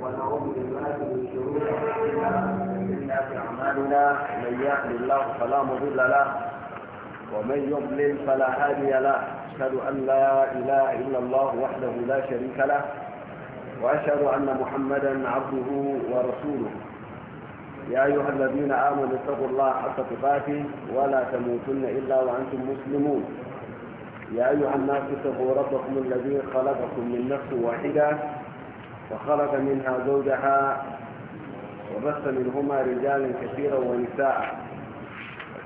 ونعوذ بالله من اعمالنا من يهد الله فلا مضل له ومن يضلل فلا هادي له اشهد ان لا اله الا الله وحده لا شريك له واشهد ان محمدا عبده ورسوله يا ايها الذين امنوا اتقوا الله حق تقاته ولا تموتن الا وانتم مسلمون يا أيها الناس اتقوا ربكم الذي خلقكم من نفس واحدة وخلق منها زوجها وبث منهما رجالا كثيرا ونساء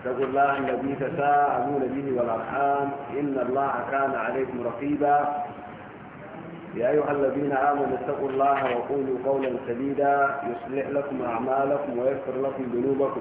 اتقوا الله الذي تساءلون به والأرحام إن الله كان عليكم رقيبا يا أيها الذين آمنوا اتقوا الله وقولوا قولا سديدا يصلح لكم أعمالكم ويغفر لكم ذنوبكم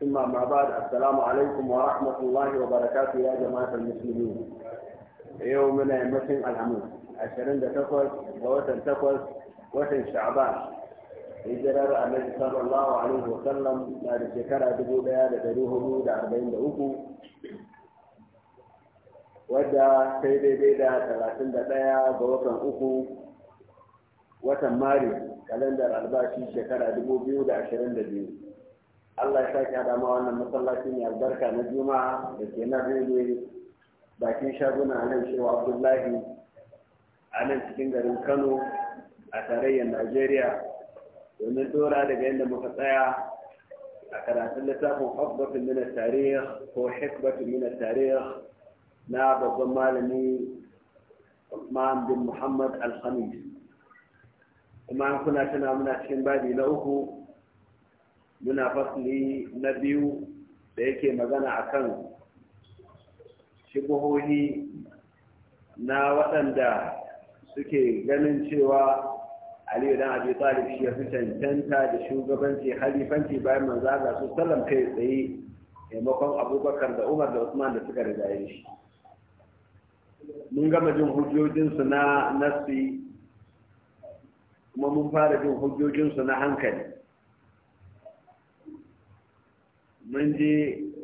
ثم مع بعد السلام عليكم ورحمة الله وبركاته يا جماعة المسلمين يومنا يمثل الحمد عشرين دتقل ووطن تقل وطن شعبان إجراء النبي صلى الله عليه وسلم بعد شكرا دبودا لتروه مودا أربعين دعوكو ودا سيدي بيدا ثلاثين دتايا بوطن أكو وطن ماري كالندر أرباشي شكرا دبودا عشرين دبودا Allah ya sake hada ma wannan masallaci ne albarka na juma'a da ke na rere bakin shaguna nan cewa abdullahi a nan cikin garin kano a tarayyar najeriya domin dora daga yadda muka tsaya a karatun littafin Hukbatin Mina tarih ko Hukbatin Mina tarih na babban malami Usman bin Muhammad Al-Khamis kuma kuna tuna muna cikin babi na uku muna fasli na biyu da yake magana a kan shigohohi na waɗanda suke ganin cewa aliyu dan abi talib shi ya fi cancanta da shugabanci halifanci bayan manza ga su salam kai tsaye taimakon abubakar da umar da usman da suka rigaye shi mun gama jin hujjojinsu na nasi kuma mun fara jin hujjojinsu na hankali mun ji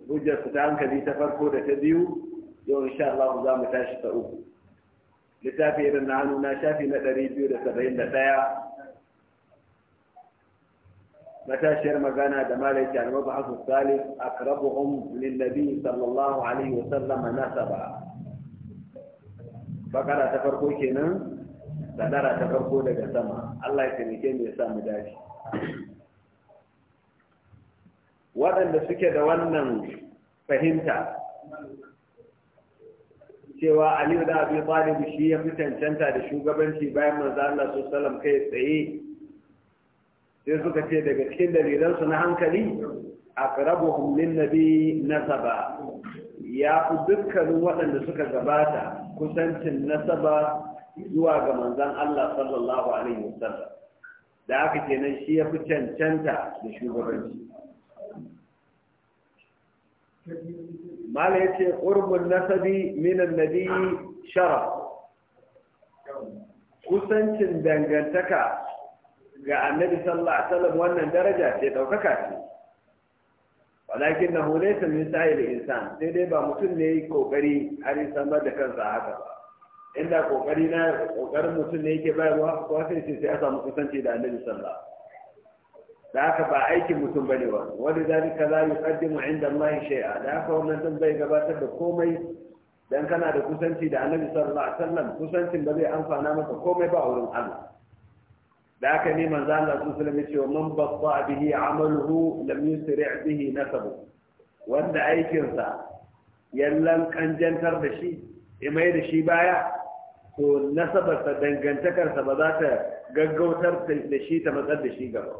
hujjar ta hankali ta farko da ta biyu yau insha Allah za mu tashi ta uku littafi irin na hannu na shafi na ɗari biyu da saba'in da ɗaya matashiyar magana da malaiki almabu hasu salif a karabuhun lillabi sallallahu alaihi wasallama nasaba bakara ta farko kenan sadara ta farko daga sama Allah ya taimake mu ya sa mu dace waɗanda suke da wannan fahimta cewa Ali da Abi Talib shi ya fi cancanta da shugabanci bayan manzo Allah sallallahu kai tsaye sai suka ce daga cikin dalilansu na hankali aqrabuhum lin nabi nasaba ya fi dukkanin waɗanda suka gabata kusancin nasaba zuwa ga manzon Allah sallallahu alaihi wasallam da haka kenan shi ya fi cancanta da shugabanci mala ya ce ƙurbin nasabi minan nabi sharaf kusancin dangantaka ga annabi sallallahu alaihi wasallam wannan daraja ce ɗaukaka ce walakin na ta min sa'il insan sai dai ba mutum ne yi kokari har yi samar da kansa haka ba inda kokari na kokarin mutum ne yake bayarwa ko sai sai a samu kusanci da annabi sallallahu da ba aikin mutum bane ba wani zalika la yuqaddimu inda Allah shay'a da haka wannan din bai gabatar da komai dan kana da kusanci da Annabi sallallahu alaihi wasallam kusancin ba zai amfana maka komai ba wurin Allah da haka ne manzo Allah sallallahu alaihi wasallam ya ce man batta bihi amaluhu lam yusri bihi nasabu wanda aikinsa yallan kanjantar da shi ya mai da shi baya to nasabarsa dangantakarsa ba za ta gaggautar da shi ta matsar da shi gaba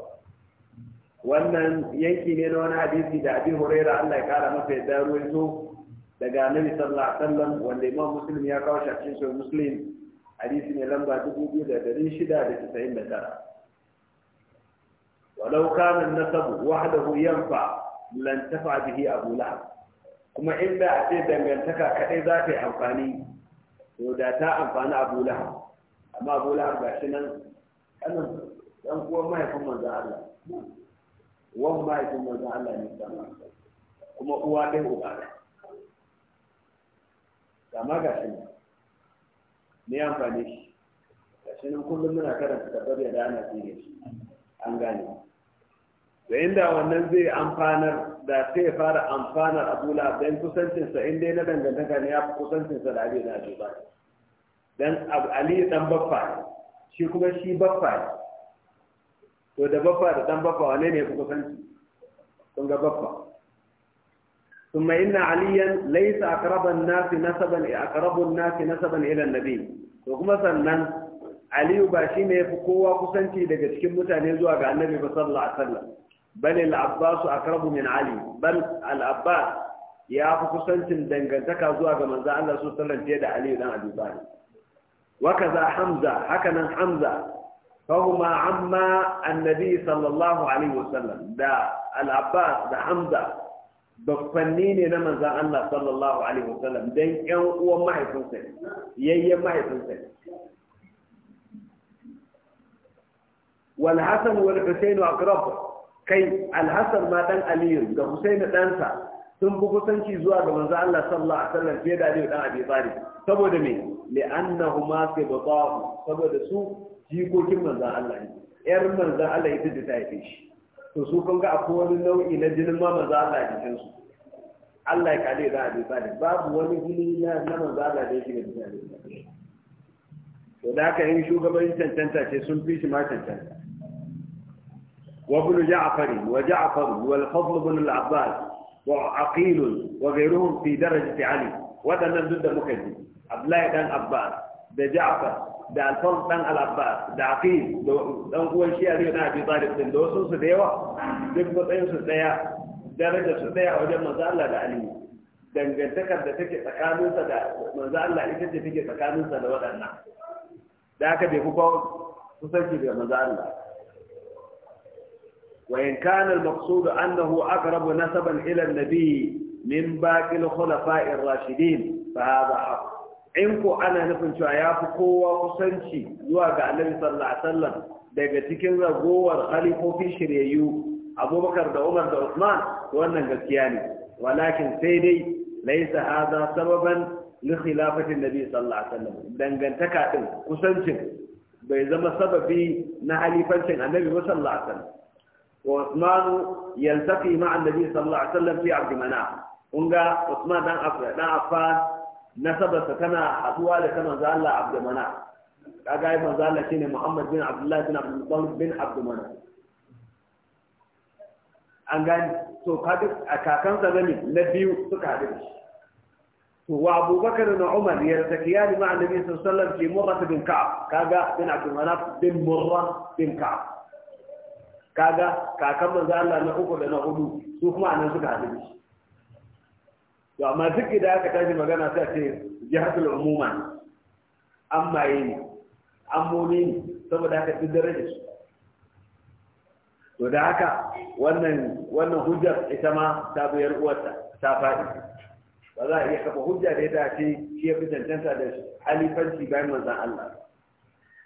wannan yanki ne na wani hadisi da abin huraira Allah ya kara masa yadda ruwaito daga nabi sallallahu alaihi wasallam wanda imam muslim ya kawo shafi shi muslim hadisi ne lamba 2699 walau na sabu nasab wahdahu yanfa lan tafa bihi abu lahab kuma inda a ce dangantaka kadai za ta yi amfani to da ta amfani abu lahab amma abu lahab shi nan kanan dan uwan mahaifin manzo Allah wan mahaifin manzon Allah ne sama. kuma uwa ɗaya uba ɗaya amma ga shi ne amfani shi ga shi nan kullum muna karanta tabbar ya dana ana tsire shi an gane da inda wannan zai amfanar da sai fara amfanar abu labdan kusancinsa in dai na dangantaka ne ya fi kusancinsa da abin da ba dan ali dan baffa shi kuma shi baffa to da baffa da dan baffa wane ne ku kusanci kun ga baffa ثم إن عليا ليس أقرب الناس نسبا أقرب الناس nabi To kuma sannan Aliyu ba shi ne fi kowa kusanci daga cikin mutane zuwa ga Annabi sallallahu alaihi wasallam bal al-Abbas aqrabu min Ali bal al-Abbas ya fi kusancin dangantaka zuwa ga manzo Allah sallallahu alaihi wasallam da Ali dan Abi Talib wa kaza Hamza hakanan Hamza فهما عما النبي صلى الله عليه وسلم دا العباس دا حمزة بفنين نما زان الله صلى الله عليه وسلم دين كان هو ما يكون سنة يي ما يكون سنة والحسن والحسين أقرب كي الحسن ما دان علي دا حسين دانسا sun fi kusanci zuwa ga manzo Allah sallallahu alaihi wasallam fiye da Aliyu dan Abi Talib saboda me li'annahuma sibtahu saboda su jikokin manzon Allah ne yar manzon Allah ita da ta haife shi to su kun ga akwai wani nau'i na jinin ma manzon Allah a jikin su Allah ya kale da Abi Talib babu wani jini na manzon Allah da yake da jinin to da haka yin shugabanci cancanta ce sun fi shi ma cancanta wa جعفر وجعفر والفضل بن العباس وعقيل وغيرهم في nan duk da muka ji. عبد الله بن عباس بجعفر بالفضل بن العباس بعقيل دون قوة شيء أبي أبي طالب بن دوسوس ديوة دبقوا طيب سبيا درجة سبيا وجب مزال لها لعلي دن قلتك بتك تكامل سدا مزال لها لك تفك تكامل سدا وضع النعم ذاك بيقوا تسجد يا مزال لها وإن كان المقصود أنه أقرب نسبا إلى النبي من باقي الخلفاء الراشدين فهذا حق in ko ana nufin cewa ya fi kowa kusanci zuwa ga annabi sallallahu alaihi wasallam daga cikin ragowar halifofin shiryayyu abubakar da umar da usman wannan gaskiya ne walakin sai dai laisa hadha sababan li khilafatin nabi sallallahu alaihi wasallam dangantaka din kusancin bai zama sababi na halifancin annabi sallallahu alaihi wasallam وعثمان يلتقي مع النبي صلى الله عليه وسلم في عبد مناف ونجا عثمان دان عفان nasabarsa tana haduwa da ta manzo Allah Abdulmana kaga ai manzo Allah shine Muhammad bin Abdullah bin Abdul Muttalib bin Abdulmana an gani to kadi a sa gani na biyu suka haɗu to wa Abubakar da Umar ya zakiya da ma'a Nabi sallallahu alaihi wasallam ke murra bin Ka'ab kaga bin Abdulmanaf bin Murra bin Ka'ab kaga kakan manzo Allah na uku da na hudu su kuma anan suka haɗu to amma duk idan aka tashi magana sai ce jihatul umuma an maye amuni an saboda haka duk daraja su to da haka wannan wannan hujjar ita ma ta biyar uwarta ta faɗi ba za a iya kafa hujja da ita ce shi ya fi cancanta da halifanci bayan manzan Allah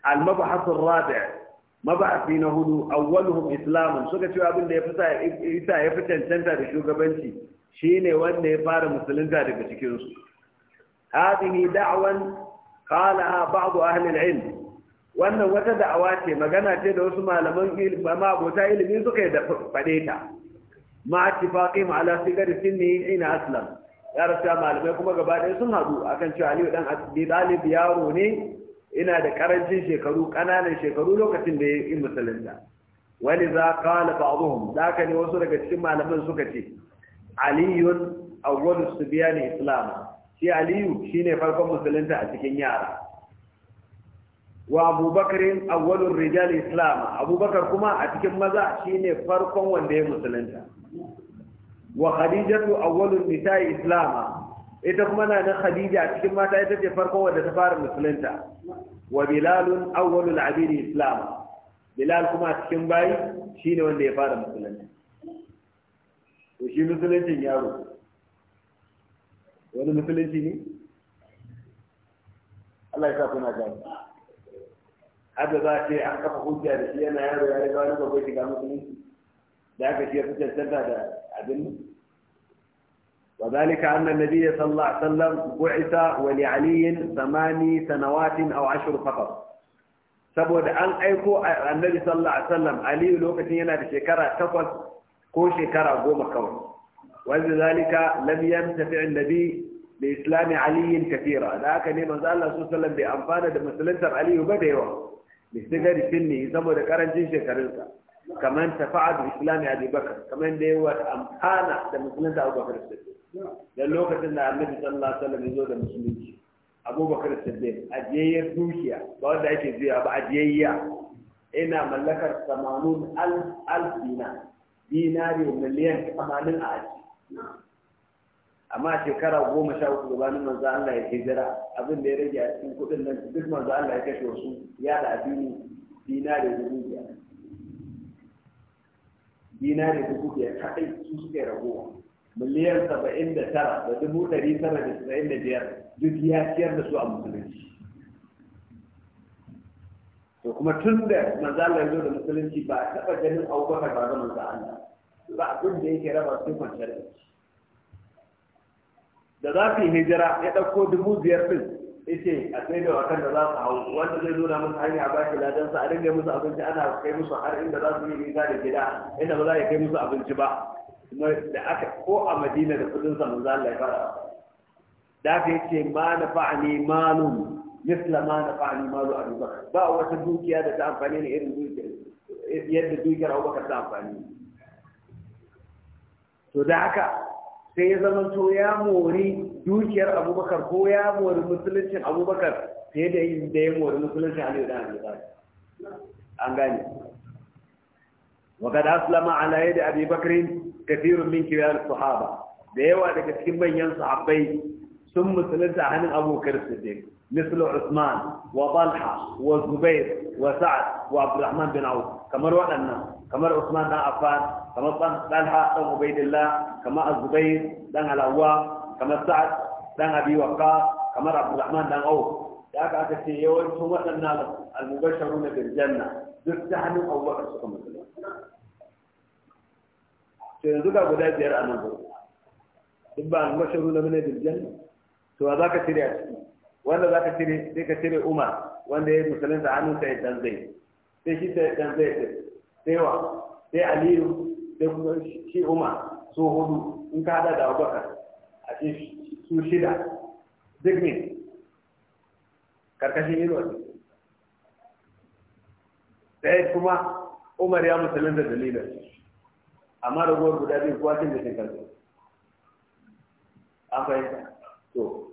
al-mabahasu rabi' mabahasi na hudu awwaluhum islamun suka ce abin da ya fi ya fi cancanta da shugabanci Shi ne wanda ya fara musulunta daga cikinsu. su da'awan da'wan qalaha a ahli al wannan wata da'awa ce magana ce da wasu malaman ilimi ma ilimi suka yi da faɗe ta ma ittifaqihim ala sigari ina aslam ya malamai kuma gaba ɗaya sun haɗu akan cewa Aliyu ɗan Abi yaro ne ina da ƙarancin shekaru ƙananan shekaru lokacin da ya yi musulunta wani za kala ba'dhum za ka ne wasu daga cikin malaman suka ce aliyun awwalu subyani islama shi aliyu shine farkon musulunta a cikin yara wa abubakarin awwalur rijal islama abubakar kuma a cikin maza shine farkon wanda ya musulunta wa khadijatu awwalun nisa'i islama ita kuma na nan khadija a cikin mata ita ce farkon wanda ta fara musulunta wa bilalun awwalul abidi islama bilal kuma a cikin bayi shine wanda ya fara musulunta to shi musuluncin yaro wani musulunci ne Allah ya sa kuna gani haka za a ce an kafa hujja da shi yana yaro ya riga wani babban shiga musulunci da aka shi ya fi cancanta da abin وذلك أن النبي صلى الله عليه وسلم بعث ولعلي ثماني سنوات أو عشر فقط سبب أن أيكو النبي صلى الله عليه وسلم علي لوكتين هنا تقص ko shekara goma kawai wanda zalika lam yantafi annabi bi islami ali kathira da haka ne manzo Allah sallallahu alaihi wasallam bai amfana da musuluntar Aliyu ba da yawa bi sigari sinni saboda karancin shekarunsa kaman tafa'a da islami abi bakar kaman da yawa amfana da musulunta abu bakar Da lokacin da annabi sallallahu alaihi wasallam ya zo da musulunci abubakar siddiq ajiyayyar dukiya ba wanda ake juya ba ajiyayya ina mallakar 80 alf dina dinari miliyan tamanin a aji amma shekara goma sha uku gabanin manzo Allah ya hijira abin da ya rage a cikin kuɗin nan duk manzo Allah ya kashe wasu ya da addini dinari dubu biyar dinari dubu biyar kaɗai su suka ragowa miliyan saba'in da tara da dubu ɗari tara da saba'in da biyar duk ya ciyar da su a musulunci to kuma tun da manzo Allah ya zo da musulunci ba a taɓa ganin abubakar ba ga manzo Allah ba abin da yake raba su kwanciyar da za su yi hijira ya ɗauko dubu biyar ɗin yace a sai da wakan da za su hau wanda zai nuna musu hanya a shi ladan sa a dinga musu abinci ana kai musu har inda za su yi nisa da gida inda ba za a kai musu abinci ba kuma da aka ko a madina da kudin sa manzo Allah ya fara da aka yace ma fa'ani malum misla ma na fa'ani malu abu bakar ba wata dukiya da ta amfani ne irin yadda dukiyar abu bakar ta amfani to da haka sai ya zama to ya mori dukiyar abubakar ko ya mori musuluncin abubakar sai da yin da ya mori musuluncin aliyu da abu bakar an gane وقد أسلم على يد أبي بكر كثير من كبار الصحابة da yawa daga cikin manyan sahabbai sun musulunta hannun abubakar siddiq مثل عثمان وطلحة وزبير وسعد وعبد الرحمن بن عوف كما وعدنا كما عثمان بن عفان كما طلحة بن عبيد الله كما الزبير بن الأواء كما سعد بن أبي وقاص كما عبد الرحمن بن عوف ذاك أكثر يوم ثم أن المبشرون بالجنة دستهم أو وقت سكم الجنة سيدنا ذكر قد أنا بقول المبشرون من الجنة سواء ذاك تريد wanda za ka cire sai ka cire umar wanda ya musulun da hannunsa ya dan zai sai shi ta dan zai ɗin sai wa sai aliyu sai kuma shi umar su hudu in ka hada da abubakar a shi su shida duk ne karkashin ne sai kuma umar ya musulun da dalilin amma ragowar guda biyu kuwa cin da shi kansa an fahimta to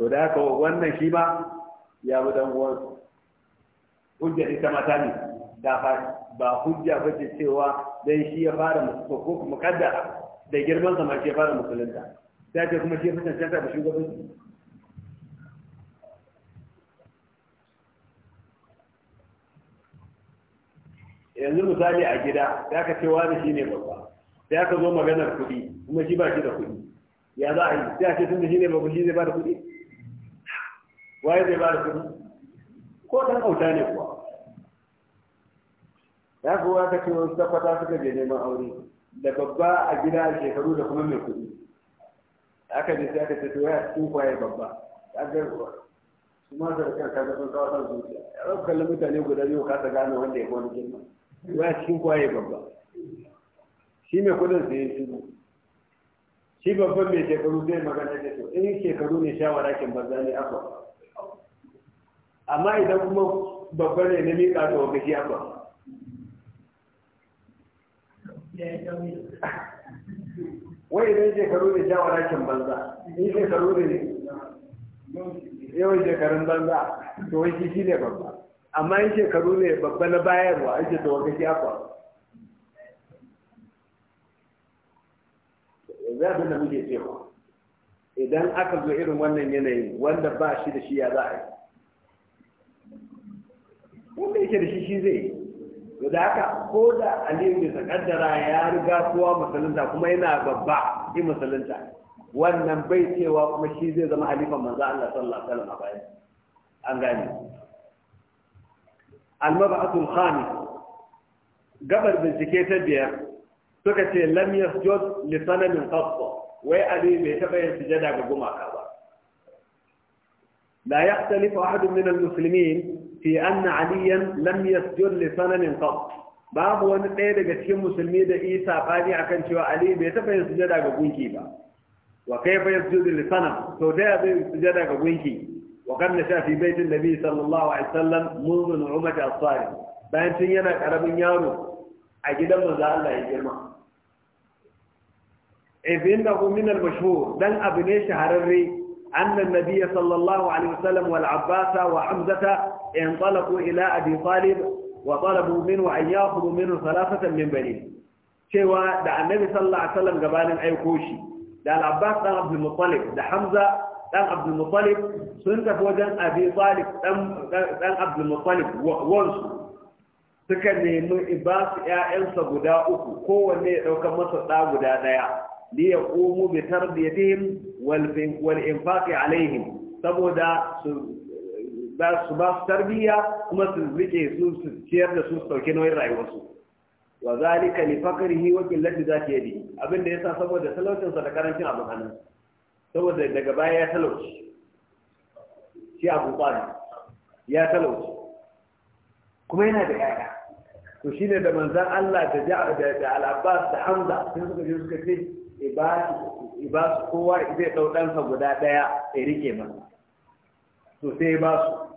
to da haka wannan shi ma ya bi dan uwansa hujja ita mata ne da ba hujja ba ce cewa dan shi ya fara musulunta ko da girman sa ma shi ya fara musulunta sai ce kuma shi ya fi cancanta da shugabanci yanzu misali a gida da aka ce wani shi ne babba sai aka zo maganar kuɗi kuma shi ba shi da kuɗi ya za a yi sai a ce tun da shi ne babba shi zai ba da kuɗi waye zai ba da kudi ko dan auta ne kuwa ya kuwa wata ce wasu tabbata suka je neman aure da babba a gida a shekaru da kuma mai kudi aka je sai aka ce to ya cikin kwaye babba ya ga su ma zai kan kaza sun kawo san zuciya ya kalli mutane guda biyu ka ta gane wanda ya wani girma ya cikin kwaye babba shi mai kudin sai ya shiru. shi babban mai shekaru zai magana da to in shekaru ne shawara kin banza ne akwa amma idan kuma babba ne na miƙa ta wata shi ba wai idan shekaru ne shawara kin banza in shekaru ne yawan shekarun banza to wai shi shi ne babba amma in shekaru ne babba na bayarwa ake ta wata shi ba yanzu abin da muke cewa idan aka zo irin wannan yanayin wanda ba shi da shi ya za a yi wanda yake da shi shi zai yi to da haka ko da aliyu ne sakaddara ya riga kowa musulunta kuma yana babba yi musulunta wannan bai cewa kuma shi zai zama halifan manzo Allah sallallahu alaihi wasallam a bayan an gane al-mab'athul khamis gabar bincike ta biyar suka ce lam yasjud li sanamin qattu wai ali bai taba yin sujada ga gumaka ba la yahtalifu ahadun min al-muslimin في أن عليا لم يسجد لسنن قط باب وان قيد جتشي مسلمي دا إيسا قادي عكن شوى علي بيتا فيسجد اغا قوينكي با وكيف يسجد لسنن سوداء بيسجد اغا قوينكي وقد نشا في بيت النبي صلى الله عليه وسلم منذ نعومة الصالح بان تنينا كرب يارو أجد مزال الله يجمع إذ إنه من المشهور دن أبني شهرري أن النبي صلى الله عليه وسلم والعباس وحمزة ila إلى أبي wa وطلبوا منه أن يأخذوا منه ثلاثة من بنيه cewa da annabi sallallahu alaihi wasallam gabanin aiko shi da al-abbas dan abdul muttalib da hamza dan abdul muttalib sun tafi wajen abi talib dan dan abdul muttalib wansu suka nemi ibasu ƴaƴansa guda uku kowanne ya dauka masa ɗa guda ɗaya li yaqumu bi tarbiyatihim wal wal infaqi alaihim saboda su za su ba su tarbiyya kuma su rike su su ciyar da su su dauke nauyin rayuwarsu wa zalika li fakrihi wa qillati zati yadi abin da yasa saboda talaucin sa da karancin abin hannun saboda daga baya ya talauci shi Abu Talib ya talauci kuma yana da yaya to shine da manzon Allah da da Al-Abbas da Hamza sun suka je suka ce ibas e e kowa e zai dau sa guda ɗaya ya rike masa to sai ba su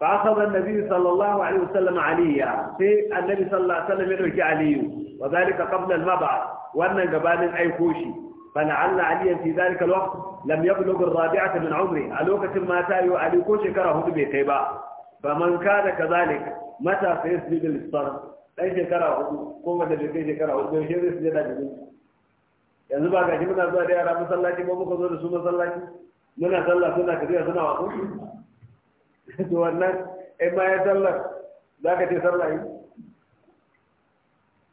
فأخذ النبي صلى الله عليه وسلم عليا في النبي صلى الله عليه وسلم يدعي علي وذلك قبل المبعث وأن جبال أي كوشي فلعل عليا في ذلك الوقت لم يبلغ الرابعة من عمره ألوكة ما تايو علي كوشي كره بيقيبا فمن كان كذلك متى سيسجد للصرف ɗan shekara hudu ko wanda bai kai shekara hudu yaushe zai su jada jikin yanzu ba ga shi muna zuwa da yara masallaci ba muka zo da su masallaci muna sallah suna tafiya suna wasu to wannan in ma ya sallar za ka ce sallah yi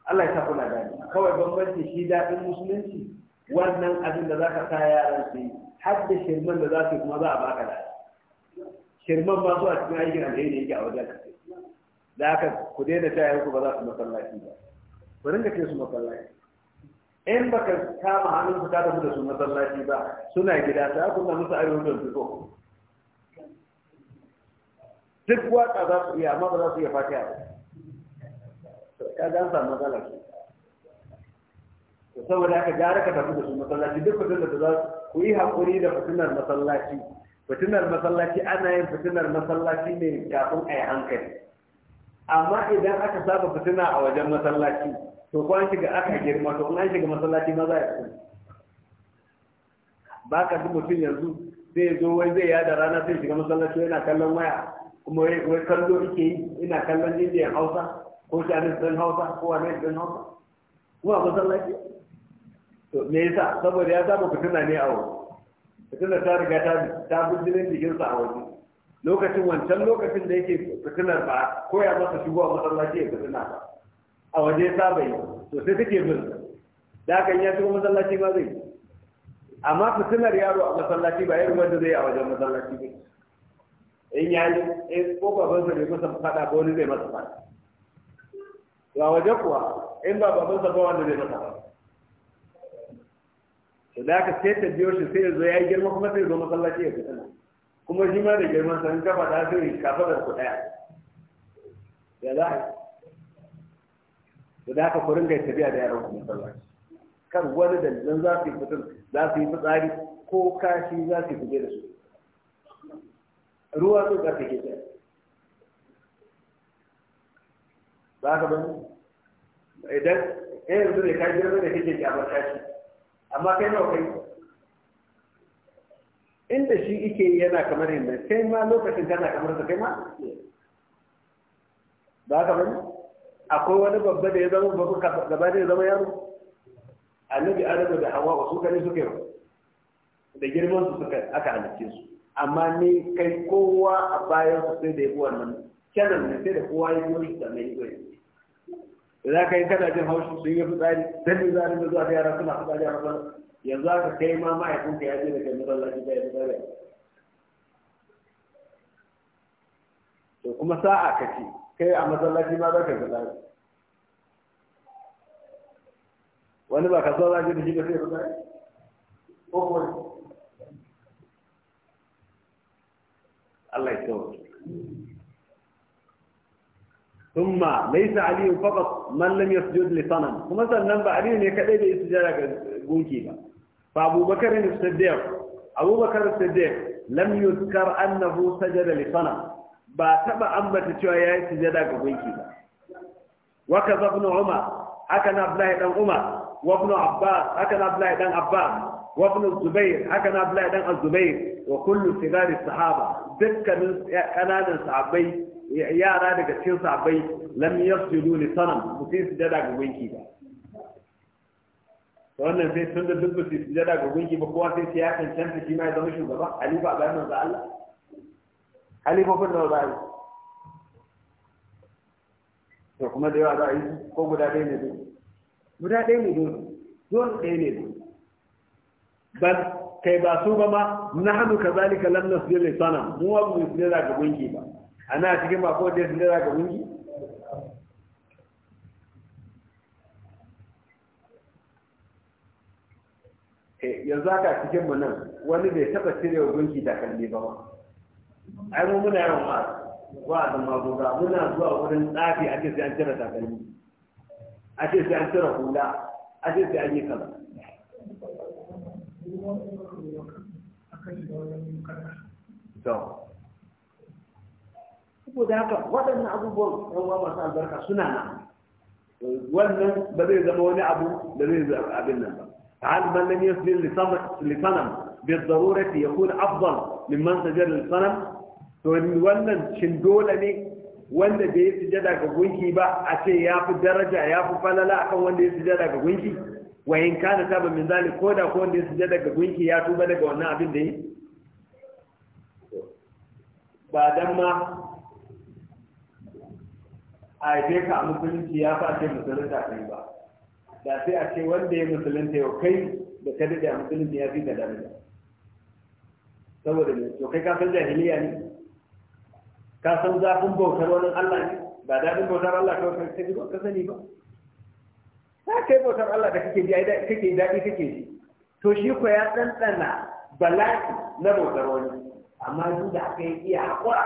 Allah ya sa kuna gani kawai bambanci shi daɗin musulunci wannan abin da za ka sa yaran su yi har da shirman da za su kuma za a baka da shirman ba su a cikin aikin alheri yake a wajen da haka ku daina ta yanku ba za su masallaci ba ku ringa ce su masallaci in baka kama hannun su ka tafi da su masallaci ba suna gida ta kunna musu ayyukan su ko duk waka za su iya ba za su iya fatiha ba ya ga samu matsala to saboda haka gara ka tafi da su masallaci duk fitinar da za ku yi haƙuri da fitinar masallaci fitinar masallaci ana yin fitinar masallaci ne kafin a yi hankali amma idan aka saba fitina a wajen masallaci to ko an shiga aka girma to an shiga masallaci ma za a yi ba ka ji mutum yanzu zai zo wai zai yada rana sai shiga masallaci yana kallon waya kuma wai kallo ike yi ina kallon ya hausa ko shanin ɗin hausa ko wani ɗin hausa kuma a masallaci to me yasa saboda ya samu fitina ne a waje fitina ta riga ta ta bujinin jikinsa a wani lokacin wancan lokacin da yake fitinar ba ko ya masa shigo a masallaci ya fitina ba a waje ya saba yi to sai take bin da haka ya shigo masallaci ba zai amma fitinar yaro a masallaci ba irin wanda zai a wajen masallaci ba in ya yi in ko babansa bai masa fada ba wani zai masa fada to a waje kuwa in ba babansa ba wanda zai masa fada to da aka sai ta biyo shi sai ya zo ya yi girma kuma sai ya zo masallaci ya fita kuma shi ma da girman sa in ka fada sai kafa Da ku daya ya za a to da aka kurin gaita biya da yaran ku masallaci kan wani dalilin za su yi fitar za su yi fitsari ko kashi za su yi fice da su ruwa su ka take ta ba ka ban idan eh yanzu ne kai ne da kake barka shi amma kai nawa kai inda shi yake yana kamar yadda kai ma lokacin kana kamar sa kai ma ba ka ban akwai wani babba da ya zama babba gaba da ya zama yaro annabi adamu da hawa su kare suka da girman su suka aka halicce su amma ne kai kowa a bayan su sai da yi wannan kyanan ne sai da kowa ya yi da mai iwe da za ka yi kada jin haushi sun yi fitsari dan ne za zuwa da yara suna fitsari a kan yanzu aka kai ma ma'aikun ka ya je da kai masallaci da ya fitsari to kuma sa'a ce kai a masallaci ma za ka fitsari wani ba ka zo za da shi ba sai fitsari ko kuma Allah ya tsawo ثم ليس علي فقط من لم يسجد لصنم kuma sannan ba Aliyu ne kadai da sujada ga gunki ba fa Abu Bakar ne Siddiq Abu Bakar Siddiq lam yuzkar annahu sajada li sanam ba taba ambata cewa yi sujada ga gunki ba wa kaza ibn Umar haka na Abdullah dan Umar wa ibn Abbas haka na Abdullah dan Abbas وابن الزبير هكذا عبد الله بن الزبير وكل صغار الصحابه دكان كنان صحابي يارا daga cikin sahabbai lam yasjudu li sanam mutai sujada ga gunki ba wannan sai tun da duk ba su sujada ga gunki ba kowa sai ya cancanta shi ma ya zama shugaba halifa bayan manzo Allah halifofin da ba to kuma da yawa za a ko guda ɗaya ne dole guda ɗaya ne dole dole ɗaya ne dole bal kai ba su ba ma na hannu ka zalika lam su li sana mu wa mu sujada ga gungi ba ana cikin ba ko da sujada ga gunki eh, yanzu haka cikin mu nan wani bai taba cire wa da kalli ba ma ai mu muna yawan ba wa da magoga muna zuwa wurin tsafi a ce sai an cire takalmi a ce sai an cire hula a ce sai an yi kaza saboda haka waɗannan abubuwan rawa masu albarka suna na. wannan ba zai zama wani abu da zai zama abin nan ba hal man lam yasbil lisanam bi darurati yakun afdal mimman sajada lisanam to wannan shin dole ne wanda bai sujada ga gunki ba a ce ya fi daraja ya fi falala akan wanda ya sujada ga gunki wa in kana taba min zalik ko da ko wanda ya sujada daga gunki ya tuba daga wannan abin da yi ba dan ma a haife ka a musulunci ya sa ce musulunta kai ba da sai a ce wanda ya musulunta yau kai da ka daɗe a musulunci ya fi ka daraja saboda ne to kai ka san jahiliya ne ka san zafin bautar wani Allah ne ba daɗin bautar Allah kawai ka sani ba za ka yi bautar Allah da kake kake daɗi kake ji to shi ko ya ɗanɗana bala'i na bautar wani amma duk da aka yi iya haƙura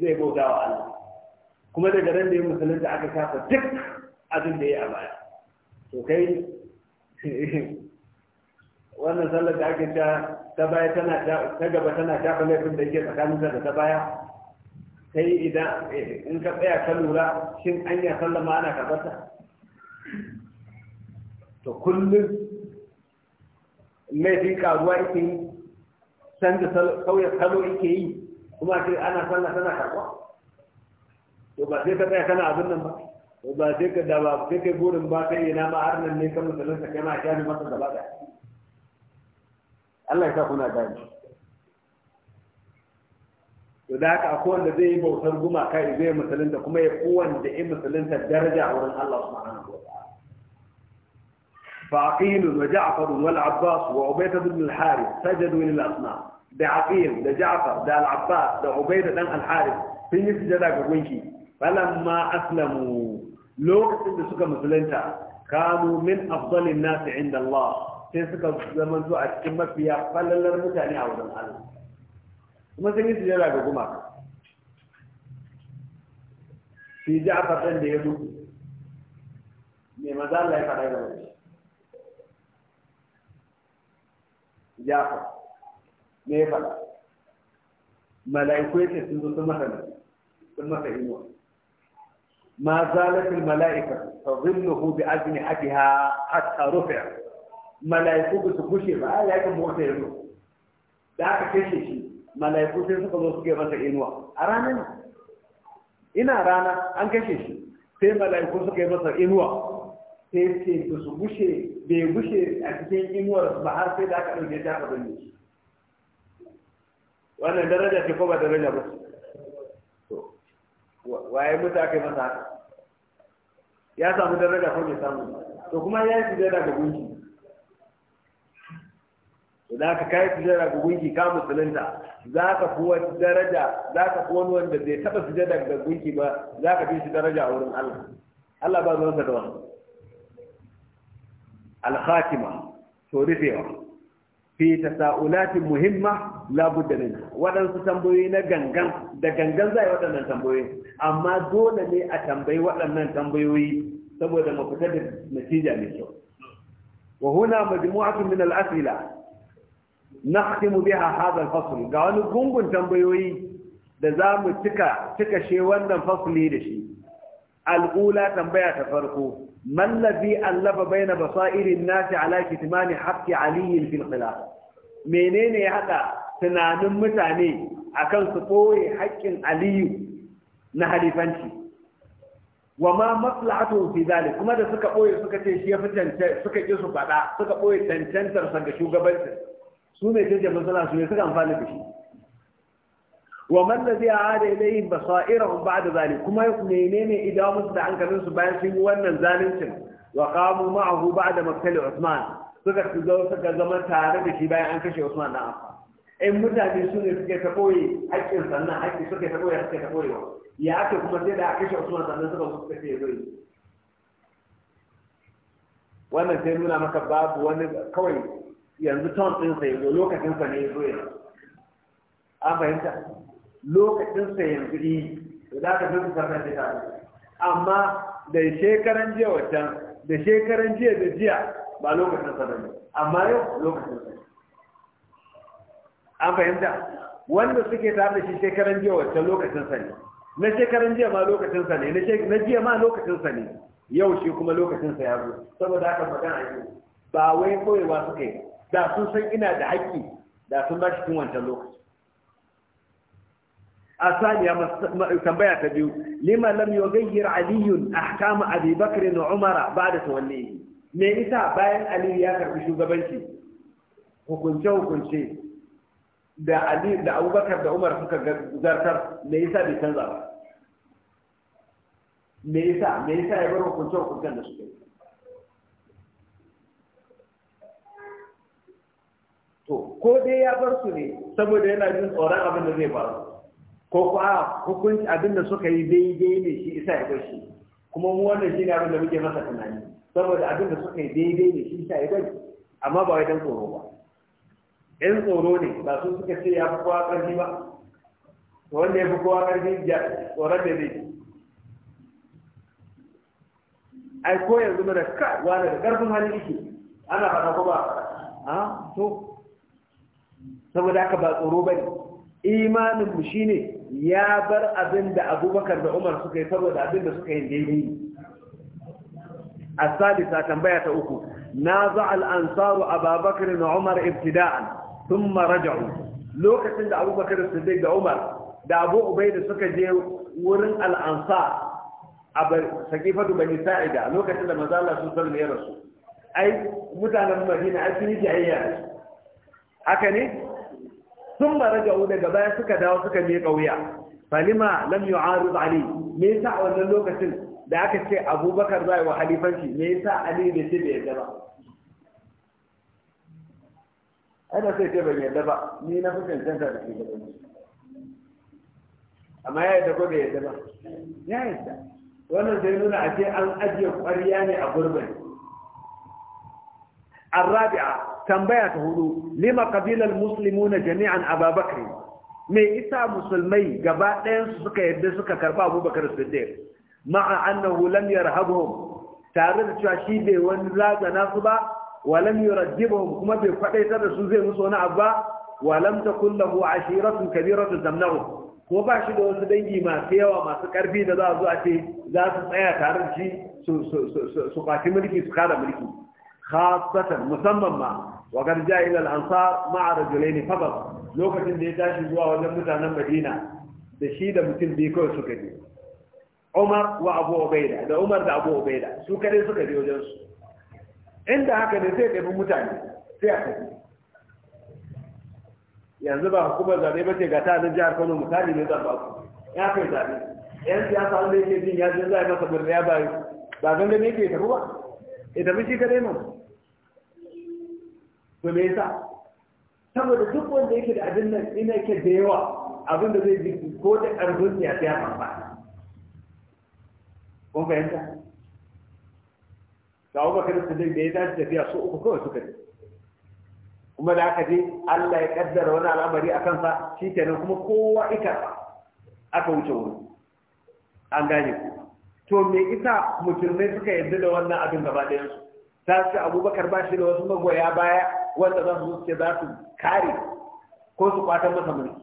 zai bauta wa Allah kuma daga ran da ya musulun da aka shafa duk abin da ya yi a baya to kai wannan sallar da ake ta ta baya tana ta gaba tana shafa laifin da yake tsakanin da ta baya kai idan eh, in ka tsaya ka lura shin anya sallama ana karɓarta to kullum laifin karuwa ike yi canza sauya salo ike yi kuma ce ana sallah tana karuwa. to ba sai ka tsaya kana abin nan ba to ba sai ka da ba sai kai burin ba kai yana ma har nan ne kan musulunta kai ma a kyani masa gaba ɗaya Allah ya sa kuna gani to da haka akwai wanda zai yi bautar gumaka ya zai musulunta kuma ya kowanda ya musulunta daraja a wurin Allah subhanahu wa ta'ala فعقيل وجعفر والعباس وعبيدة بن الحارث سجدوا للأصنام ده عقيل ده جعفر ده العباس ده عبيدة بن الحارث في يسجد قوينكي فلما أسلموا لوقت اللي سكا مسلنتا كانوا من أفضل الناس عند الله sai suka zamanto a cikin mafiya fallalar mutane a wajen Allah kuma sun yi sujada ga gumaka shi ji a fatan da ya mutu mai maza Allah ya faɗa da wani Ya Jafar me ya faɗa mala'iku yake sun zo sun masa ne sun masa inuwa ma zalatul mala'ika tadhilluhu bi azni hakiha hatta rufi'a mala'iku ba su kushe ba ya kan mota ya zo da aka kashe shi mala'iku sai suka zo suke masa inuwa a ranar ne ina rana an kashe shi sai mala'iku suka yi masa inuwa sai ce ba su gushe bai gushe a cikin inuwar ba har sai da aka ɗauke ta ka zanne shi wannan daraja ce ko ba daraja ba waye mutu aka yi masa haka ya samu daraja ko bai samu to kuma ya yi sujada ga gunki da ka kai sujada ga gunki ka musulunta za ka kuwa daraja za ka kuwa wani wanda zai taba sujada ga gunki ba za ka fi shi daraja a wurin Allah Allah ba zuwa da wani al-khatima to rufewa fi tasa'ulatin muhimma la budda minha Waɗansu tambayoyi na gangan da gangan zai wadannan tambayoyi amma dole ne a tambayi wadannan tambayoyi saboda mafitar da natija mai kyau wa huna majmu'atun min al-as'ila naqtimu biha hadha al-fasl ga wani gungun tambayoyi da zamu mu cika she wannan fasli da shi al-ula tambaya ta farko man ladhi allaba baina Fasa, Irin, nasi ala kitmani haqqi ali fil khilaf menene ya hada tunanin mutane akan su koye haƙƙin aliyu na halifanci wa ma maslahatu fi zalik kuma da suka boye suka ce shi ya fi suka ki su faɗa suka boye cancantar sa ga shugabancin su mai canja matsala su ne suka amfani da shi wa man da zai hada ilayhim basairahum ba'da zalik kuma menene idan musu da hankalin su bayan sun yi wannan zalincin wa qamu ma'ahu ba'da maqtal Usman suka zo suka zama tare da shi bayan an kashe Usman dan Affan in mutane su ne suke ta koyi haƙƙin sannan haƙƙi suke ta koyi suke ta koyi ya ake kuma sai da a kashe Usman sannan suka suka ce zai wannan sai nuna maka babu wani kawai yanzu ton ɗin sai zo lokacin sa ne zo an fahimta lokacin sa yanzu yi da za ka fi su sarrafa da tare amma da shekaran jiya wancan da shekaran jiya da jiya ba lokacin sa bane amma yau lokacin sa an fahimta wanda suke tare da shi shekaran jiya wancan lokacin sa ne na shekaran jiya ma lokacin sa ne na jiya ma lokacin sa ne yau shi kuma lokacin sa ya zo saboda haka magana ake ba wai koyewa suka yi da sun san ina da haƙƙi da sun ba shi cikin wancan lokaci a saniya tambaya ta biyu lima lam yi gayyar aliyun a kama abubakar na umara ba da ta wanne yi me isa bayan ali ya karbi shugabanci hukunce hukunce da ali da abubakar da umar suka zartar me isa bai canza ba me isa me isa ya bar hukunce hukuncen da su? ko dai ya bar su ne saboda yana jin tsoron abin da zai faru ko ko a hukunci abin da suka yi daidai ne shi isa ya bar shi kuma mu wannan shi ne abin da muke masa tunani saboda abin da suka yi daidai ne shi isa ya bar amma ba wai dan tsoro ba yan tsoro ne ba su suka ce ya fi kowa ƙarfi ba wanda ya fi kowa ƙarfi tsoron da zai ai ko yanzu mana ka, wani da ƙarfin hali yake ana faɗa ko ba a ah, to saboda haka ba tsoro bane imanin mu shine ya bar abinda abubakar da umar suka yi saboda abin da suka yi daidai asalisa tambaya ta uku naza al ansaru ababakar da umar tun thumma raja'u lokacin da abubakar siddiq da umar da abu ubaida suka je wurin al ansar abar sakifatu bani sa'ida lokacin da manzo Allah sallallahu alaihi wasallam ya rasu ai mutanen madina ai sun yi jayayya haka ne sun maraja'u daga baya suka dawo suka je kauya falima lam yu'arid ali me yasa a wannan lokacin da aka ce abubakar zai wa halifanci me yasa ali bai ce bai yarda ba ana sai ce ban yarda ba ni na fi cancanta da shugabanci amma ya yarda ko bai yarda ba ya yarda wannan sai nuna a ce an ajiye ƙwarya ne a gurbin الرابعة tambaya ta hudu lima qabilal muslimuna jami'an ababakar me isa musulmai gaba ɗayan su suka yadda suka karba abubakar siddiq ma'a annahu lam yarhabuhum tare da cewa shi bai wani razana su ba walam yurajjibuhum kuma bai faɗaitar da su zai musu wani abu ba walam takun lahu ashiratun kabiratun tamna'u ko ba shi da wasu dangi masu yawa masu karfi da za a zo a ce za su tsaya tare da shi su kwaci mulki su kada mulki khasatan musamman ma wa ja ila al-ansar ma'a rajulain faqat lokacin da ya tashi zuwa wajen mutanen Madina da shi da mutum biyu kawai suka je Umar wa Abu Ubaida da Umar da Abu Ubaida su kare suka je wajen su inda haka ne sai ɗabi mutane sai a tafi yanzu ba hukumar zaɓe ba ce ga ta nan jihar Kano mutane ne zan ba ku ya kai zaɓe yan siyasa wanda yake jin ya jin zai masa birni ya bayu ba gangan yake tafi ba ya tafi shi kare nan to me yasa saboda duk wanda yake da abin nan ina yake da yawa abin da zai bi ko da ƙarfin ya ta ba, kun fahimta kawo baka da sudin da ya tashi tafiya so uku kawai suka ji, kuma da aka je Allah ya kaddara wani al'amari a kansa shi kenan kuma kowa ita aka wuce wuri an gane ku to me isa musulmai suka yarda da wannan abin gaba ɗayan su ta ce abubakar ba shi da wasu magoya baya wanda za su suke za su kare ko su kwatan masa mulki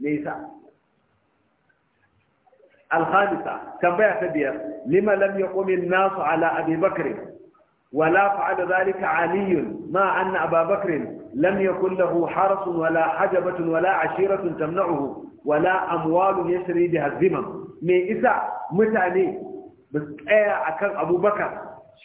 me yasa alhamisa tambaya ta biyar lima lam yaqum an-nasu ala abi bakr ولا فعل ذلك علي مع أن أبا بكر لم يكن له حرس ولا حجبة ولا عشيرة تمنعه ولا أموال يشري بها الذمم من إسا متاني بس أكن أبو بكر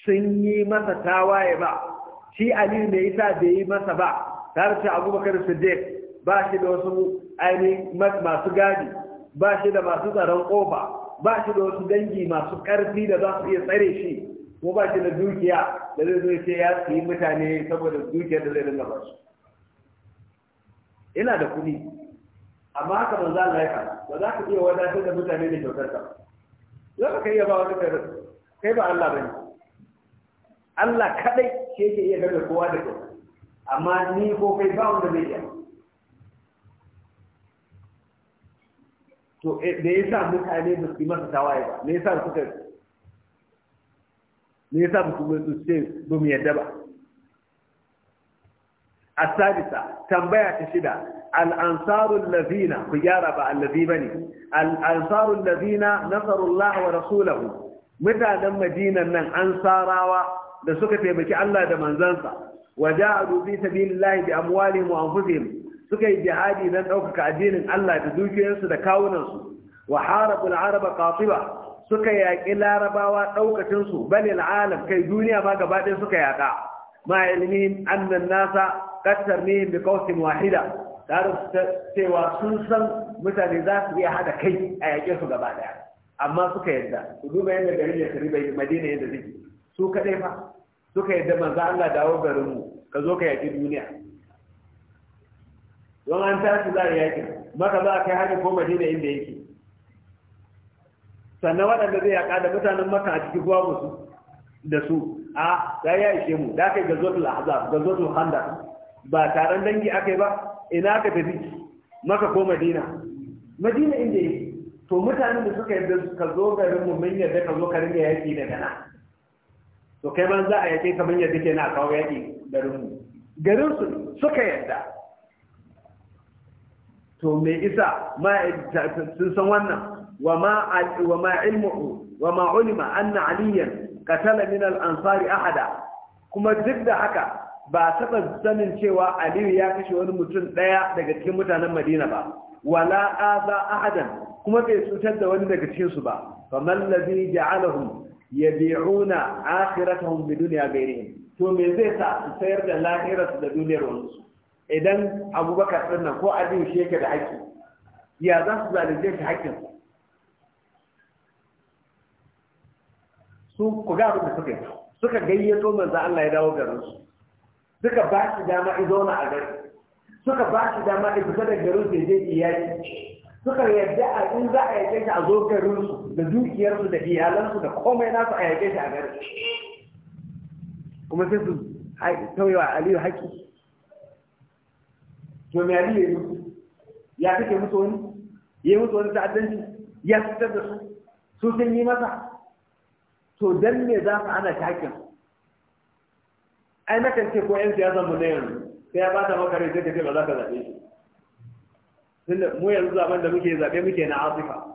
سني مسا تاواي بقى shi aliyu ne yasa bai yi masa ba tare ce abubakar siddiq ba shi da wasu ainihin masu gadi ba shi da masu tsaron kofa ba shi da wasu dangi masu karfi da za su iya tsare shi ko ba shi da dukiya da zai zo ce ya yi mutane saboda dukiyar da zai dinga ba su ina da kuɗi amma haka ban za Allah ya ba za ka iya wadatar da mutane da kyautar ka za ka iya ba wani kai ba Allah ba ne. Allah kadai shi yake iya gane kowa da kowa amma ni ko kai ba wanda zai iya to da yasa mutane ba su yi masa tawaye ba me yasa suka me yasa ba su ce ba mu yadda ba السادسة تنبيه تشدة الأنصار الذين خيارة الذي بني الأنصار الذين نصروا الله ورسوله متى دم مدينة من أنصارا da suka taimaki Allah da manzansa wa ja'alu fi sabilillahi bi amwalihim wa anfusihim suka yi jihadi don ɗaukaka addinin Allah da dukiyarsu da kawunansu wa harabul araba qatiba suka yaƙi larabawa ɗaukacinsu balil alam kai duniya ma gaba ɗaya suka yaka. ma ilmin annan nasa kattar ne bi qawsin wahida tare cewa sun san mutane za su iya hada kai a yaƙe su gaba ɗaya amma suka yarda ku duba yadda garin ya karibai madina yadda zai su kadai fa suka yadda manzo Allah dawo garin mu ka zo ka yaki duniya don an tashi za a yaki maka za a kai hari ko madina inda yake sannan waɗanda zai yaƙa da mutanen maka a ciki babu musu da su a da ya ishe mu da kai gazotul ahzab tul handa ba taron dangi akai ba ina ka tafi maka ko madina madina inda yake to mutanen da suka yarda ka zo garin mu mun yarda ka zo ka ringa yaki daga gana to kai ban za a yake kamar yadda ke na kawo yaƙi garinmu garinsu suka yadda to me isa sun san wannan wa ma ilmuhu wa ma ulima anna aliyan qatala min al-ansari ahada kuma duk da haka ba taɓa sanin cewa aliyu ya kashe wani mutum ɗaya daga cikin mutanen madina ba wala aza ahadan kuma bai cutar da wani daga cikinsu ba faman lazi ja'alahum yabi'una akhiratahum bidunya ghairihim to me zai sa su sayar da lahirarsu da duniyar wasu idan abubakar din nan ko aliyu shi da haƙƙi ya za su zalunce shi haƙƙin su ku ga abin da suka yi suka gayyato manzo Allah ya dawo garin su suka ba shi dama idona a gari suka ba shi dama i da garin da je iyaki suka yarda a in za a yake shi a zo garinsu da dukiyarsu da iyalansu da komai nasu a yake shi a garin kuma sai su tauyewa aliyu haƙi to me aliyu ya ya kake musu wani ya musu wani ta'addanci ya fitar da su su sun yi masa to dan me za su ana shakin ai kan ce ko yan siyasa mu ne yanzu sai ya ba ta rai sai ka ce ba za ka zaɓe shi tunda mu yanzu zaben da muke zabe muke na asifa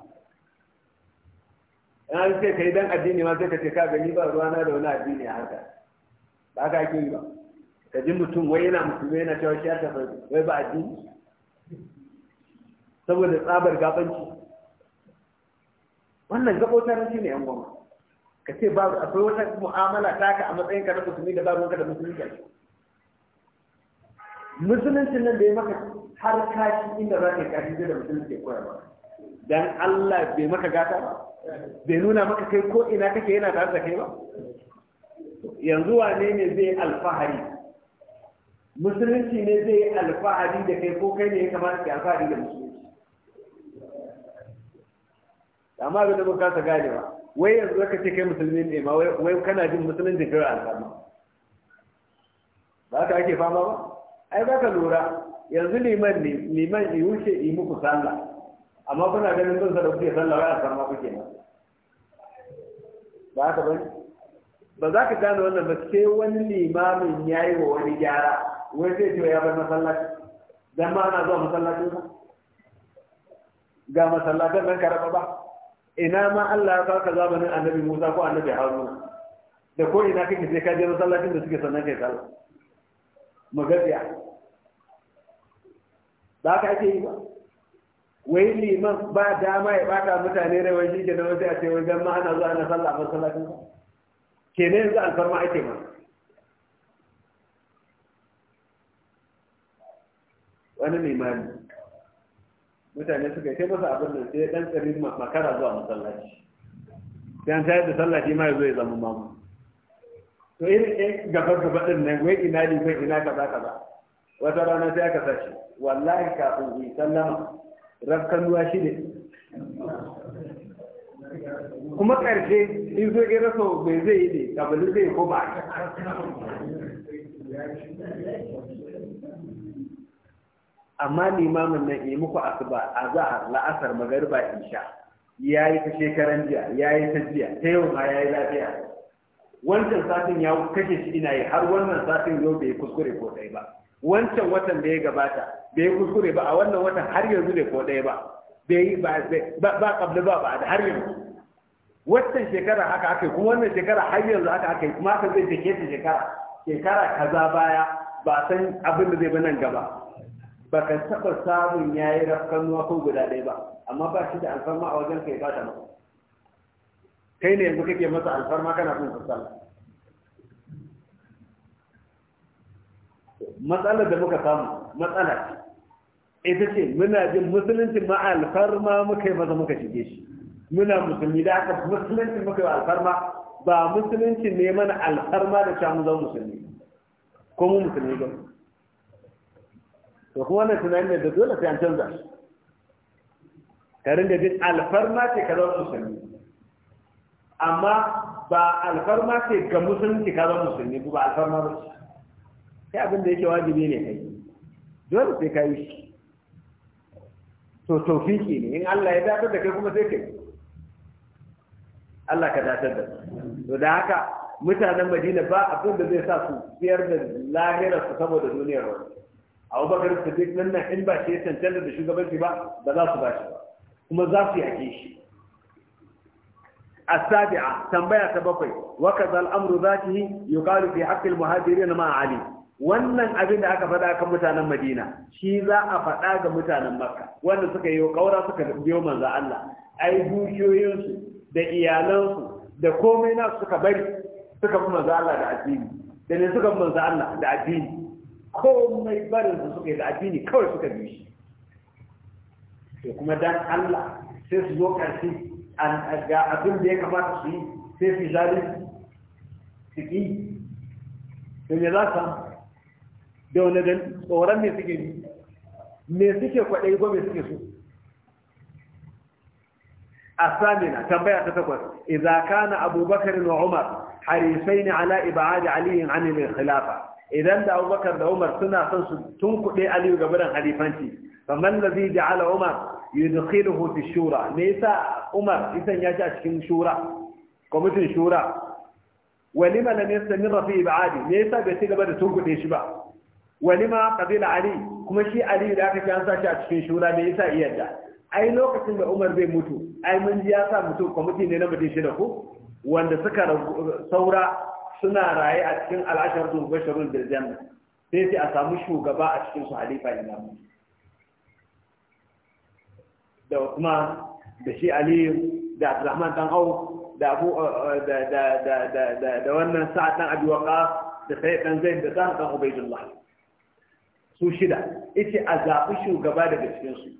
Ina an ce kai dan addini ma sai ka ce ka gani ba ruwa na da wani addini a haka ba ka ke yi ba ka ji mutum wai yana musulmi yana cewa shi ya tafi wai ba addini saboda tsabar gabanci wannan gabotar shi ne yan goma ka ce ba akwai wata mu'amala taka a matsayin ka na musulmi da ba wanka da musulmi ka Musulunci nan da ya maka har kashi inda za ka yi kashi da musulunci ya koya ba dan Allah bai maka gata ba bai nuna maka kai ko ina kake yana tare da kai ba yanzu wane ne zai alfahari musulunci ne zai alfahari da kai ko kai ne ya kamata ke alfahari da musulunci amma abin da mun kasa gane ba wai yanzu ka ce kai musulmi ne ma wai kana jin musulunci kai alfahari ba ka ake fama ba ai za ka lura yanzu liman ne liman i wuce i muku sallah amma kuna ganin sun da kuke sallah ba a san ma kuke nan ba ka bane ba za ka gane wannan ba sai wani limamin ya yi wa wani gyara wani zai ce ya bar masallaci dan ma ana zuwa masallacin ba ga masallacin nan raba ba ina ma Allah ya baka zamanin annabi Musa ko annabi Haruna da ko ina kake sai ka je masallacin da suke sannan kai sallah magatsiya ba ka ake yi ba wai liman ba dama ya bata mutane rai wai shike nan wasu a ce wajen ma ana zuwa na sallah a ba ke kenan yanzu alfarma ake ma wani limani mutane suka ce masa abin da sai dan tsari makara zuwa masallaci sai an tayar da sallah ma ya zo ya zama mamu to irin ɗin gaba gaba ɗin nan wai ina ne wai ina kaza kaza wata rana sai aka sashi wallahi kafin yi sallama rafkan ruwa shi ne kuma ƙarshe in zo ƙera rasa mai zai yi ne kabalin zai ko ba amma limamin nan yi muku asuba a zahar la'asar magariba sha, ya yi ta shekaran jiya ya yi ta jiya ta yau ma ya yi lafiya wancan satin ya kashe shi ina yi har wannan satin yau bai kuskure ko ɗaya ba wancan watan da ya gabata bai kuskure ba a wannan watan har yanzu bai ko ɗaya ba bai ba ba kabla ba ba har yanzu wannan shekara haka akai yi kuma wannan shekara har yanzu haka akai yi kuma haka zai take ta shekara shekara kaza baya ba san abin da zai ba nan gaba ba ka taɓa samun ya yi rafkanuwa ko guda ɗaya ba amma ba shi da alfarma a wajen kai ba ta masa kai ne yanzu kake masa alfarma kana son kusa matsalar da muka samu matsala ita ce muna jin musulunci ma alfarma muka yi maza muka shige shi muna musulmi da aka musulunci muka yi alfarma ba musulunci ne mana alfarma da sha mu zama musulmi ko mu musulmi ba to kuma wannan tunanin da dole sai an canza shi karin da jin alfarma ce ka zama musulmi amma ba alfarma ce ga musulunci ka zama musulmi ba alfarma ba ce sai abin da yake wajibi ne kai dole sai ka yi shi to taufiki ne in Allah ya dace da kai kuma sai kai Allah ka dace da to da haka mutanen Madina ba abin da zai sa su siyar da lahirar su saboda duniyar wani Abu Bakar Siddiq nan nan in ba shi ya tantance da shugabanci ba ba za su ba shi kuma za su yake shi السابعة تنبيه تبقي وكذا الأمر ذاته يقال في حق المهاجرين مع علي wannan abin da aka faɗa kan mutanen Madina shi za a faɗa ga mutanen Makka wanda suka yi ƙaura suka biyo manzo Allah ai dukiyoyinsu da iyalansu da komai na suka bari suka bi manzo Allah da addini da ne suka bi manzo Allah da addini komai barin su suka yi da addini kawai suka bi shi to kuma dan Allah sai su zo karshe an ga abin da ya kamata su yi sai su zalunci su ki to ya za su da wani dan tsoron mai suke yi me suke kwaɗayi ko me suke so Samina tambaya ta takwas idza kana abubakar wa umar harisaini ala ibad ali an al khilafa idan da abubakar da umar suna son su tunkuɗe aliyu ga biran halifanci kamar da zai ja'ala umar yudkhiluhu fi shura me yasa umar isan ya shi a cikin shura kwamitin shura walima lam yastamir fi ibadi me yasa bai ci gaba da tunkuɗe shi ba wani ma kabila ali kuma shi ali da aka kyan an shi a cikin shura me yasa iya da ai lokacin da umar bai mutu ai mun ji ya sa mutu kwamiti ne na mutum shida ku. wanda suka saura suna raye a cikin al'ashar tun basharul birjan sai sai a samu shugaba a cikin su halifa mu da usman da shi ali da abdulrahman dan au da abu eh, eh, da wannan sa'ad dan da sai dan da su shida yace a zaɓi shugaba daga cikinsu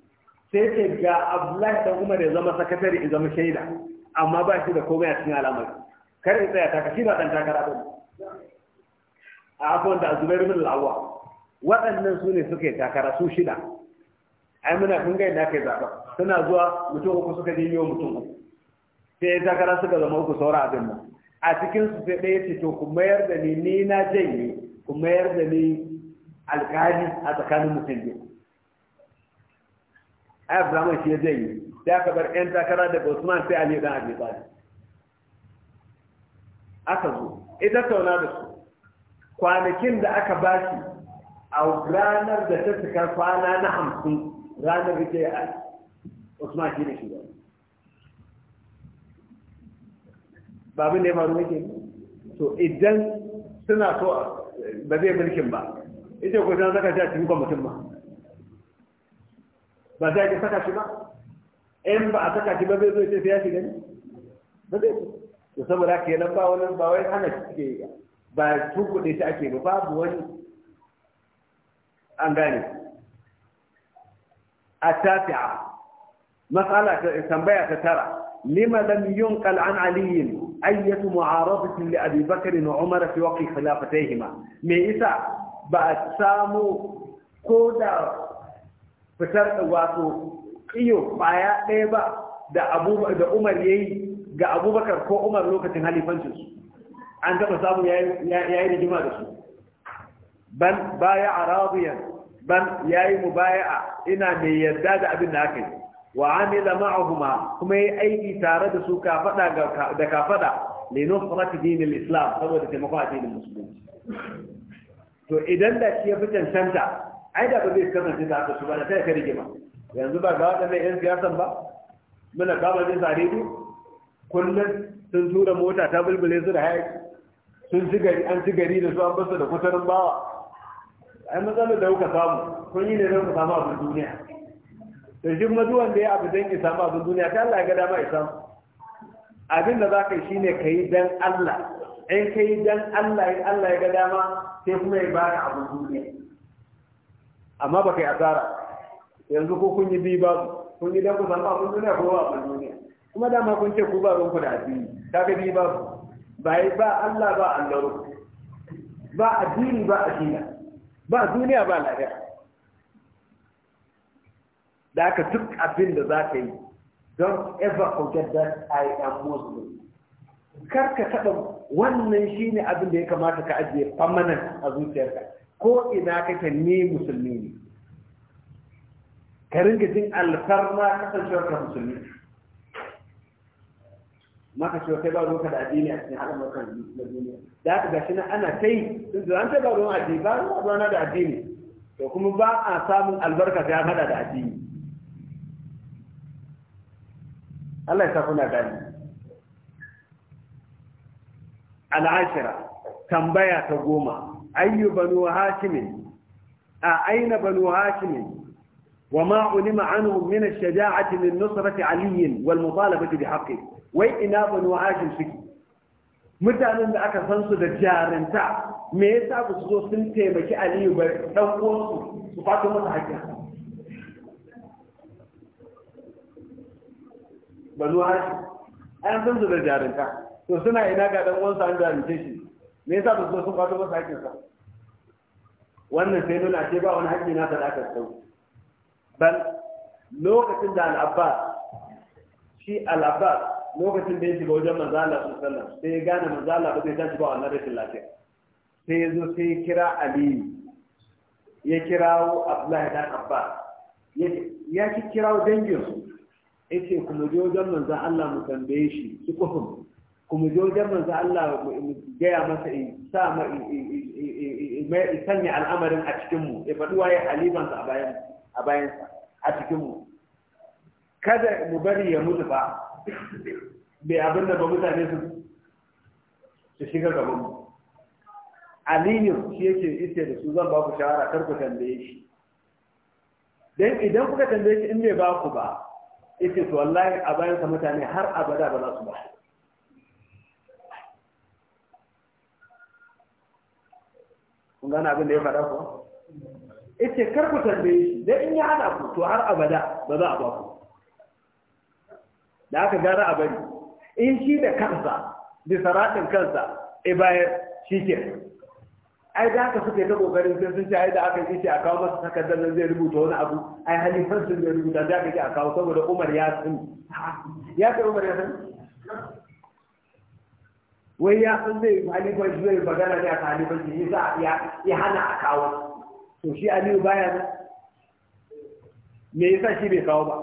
sai ce ga abdullahi dan umar ya zama sakatare ya zama shaida amma ba shi da komai a cikin al'amari kar ya tsaya taka shi ba dan takara ba a abuwan da zubair bin al'awwa waɗannan su ne suka yi takara su shida ai muna kun ga yadda aka zaɓa suna zuwa mutum uku suka je yiwo mutum uku sai ya takara suka zama uku saura abin nan a cikin su sai ɗaya ce to ku mayar da ni ni na janye ku mayar da ni alkali a tsakanin mutum biyu ayat zaman shi zai yi sai aka bar yan takara daga usman sai ali dan abi talib aka zo ita tauna da su kwanakin da aka ba shi a ranar da ta cika kwana na hamsin ranar rike a usman shi ne shi ba babin da ya faru yake to idan suna so ba zai mulkin ba ita ko ta saka shi a cikin kwamitin ba ba sai ake saka shi ba in ba a saka shi ba zai zo ce sai ya shiga ne ba zai to saboda kenan ba wani ba wai hana shi suke yi ba tukuɗe shi ake ba babu wani an gane a tafiya matsala tambaya ta tara لما لم ينقل عن علي أية معارضة لأبي بكر وعمر في وقت خلافتيهما من إسا ba a samu ko da fitar da wato iyo baya ɗaya ba da umar ya yi ga abubakar ko umar lokacin su an taɓa samu ya yi rigima da su ban baya a rabiyan ban ya yi mu baya ina mai yarda da abin da aka yi wa amila ma'ahuma kuma ya aiki tare da su kafada da kafaɗa lenofrat dinin islam saboda taimakon addinin musulunci to idan da shi ya fi cancanta ai da ba zai kasance da haka shi ba da sai ka rigima yanzu ba ga waɗannan 'yan siyasan ba muna gaba jin sa rediyo kullum sun tura mota ta bulbule su da hayaki sun ci gari an ci gari da su an basu da kusurin bawa ai matsalar da kuka samu kun yi ne don ku samu abin duniya da shi kuma duwan da ya abu don ki samu abin duniya ta Allah ya ga dama ya samu abin da za ka yi shine ka yi dan Allah in kai dan Allah ya Allah ya ga dama sai kuma ya baka abu duniya amma baka yi asara yanzu ko kun yi biyu babu kun yi dan ku samu abin duniya ko ba abin duniya kuma dama kun ce ku ba ruwan ku da addini ta ga biyu ba ba ba Allah ba Allah ba addini ba addini ba duniya ba lafiya da aka duk abin da za ka yi don ever forget that I am Muslim kar ka taɓa wannan shi ne abin da ya kamata ka ajiye famanan a zuciyarka ko ina kake ne musulmi ne ka ringa jin alfarma kasancewar ka musulmi maka cewa kai ba ruwanka da addini a cikin al'amuran na duniya da aka gashi na ana kai sun zuwa an ba ruwan addini ba ruwan da addini to kuma ba a samun albarka sai an hada da addini Allah ya sa kuna gani al'ashira tambaya ta goma ayyu banu hashimin a aina banu hashimin وما shaja’ati min nusrati الشجاعة wal mutalabati bi والمطالبة بحقه ina banu hashim suke? mutanen da aka san su da jarinta me yasa ba su zo sun taimaki Aliyu ba dan uwansu su fato masa hakkin banu hashim an san su da jarinta to suna ina ga dan uwansa an zalunce shi me yasa su sun kwato masa hakkin sa wannan sai nuna ce ba wani hakki na da aka sau bal lokacin da al-abbas shi al-abbas lokacin da ya shiga wajen manzo Allah sallallahu alaihi wasallam sai ya gane manzo Allah ba zai tashi ba wannan rashin lafiya sai ya zo sai ya kira Ali ya kirawo Abdullahi dan Abbas ya ki kirawo dangin su ce ku je wajen manzo Allah mu tambaye shi su kufin kuma je wajen manzo Allah gaya masa in sa ma in sanya al'amarin a cikin mu ya faɗi waye halifansa a bayan a bayan sa a cikin mu kada mu bari ya mutu ba bai abinda ba mutane su su shiga gaban mu aliyu shi yake ita da su zan ba ku shawara kar ku tambaye shi dan idan kuka tambaye shi in bai ba ku ba ita to wallahi a bayan sa mutane har abada ba za su ba shi kun gane abin da ya faɗa ko ita kar ku tambaye shi dan in ya hada ku to har abada ba za a ba ku da aka gara a bari in shi da kansa da saratin kansa e bayar shi ke ai da aka suke ta kokarin sai sun ce ai da aka yi a kawo masa takardar nan zai rubuta wani abu ai halifan sun zai rubuta da aka ce a kawo saboda umar ya sani ya ce umar ya sani wai ya san zai shi zai magana ne a halifanci ya sa ya hana a kawo to shi aliyu baya nan me yasa shi bai kawo ba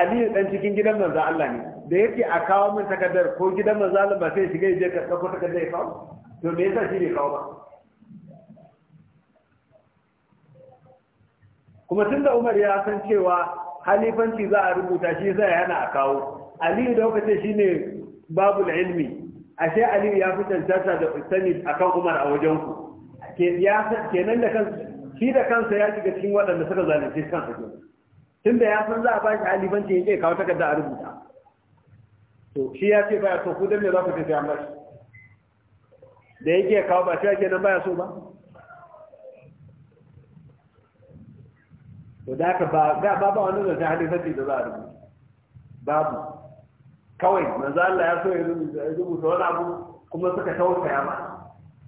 aliyu dan cikin gidan manzo Allah ne da yake a kawo min takardar ko gidan manzo Allah ba sai shiga je ka dauko takardar ya kawo to me yasa shi bai kawo ba kuma tunda Umar ya san cewa halifanci za a rubuta shi zai yana a kawo aliyu da kuka ce babu babul ilmi ashe aliyu ya fi cancanta da sani akan umar a wajen ku kenan da kansu shi da kansa ya shiga cikin waɗanda suka zalunce kansa kenan tunda ya san za a bashi halifanci ke kawo takarda a rubuta to shi ya ce baya so ku dan me za ku tafi amma da yake kawo ba shi ake nan baya so ba to da ka ba ga ba ba wani hadisi sai da za a rubuta babu kawai manzo Allah ya so ya rubuta wani abu kuma suka tausaya ba.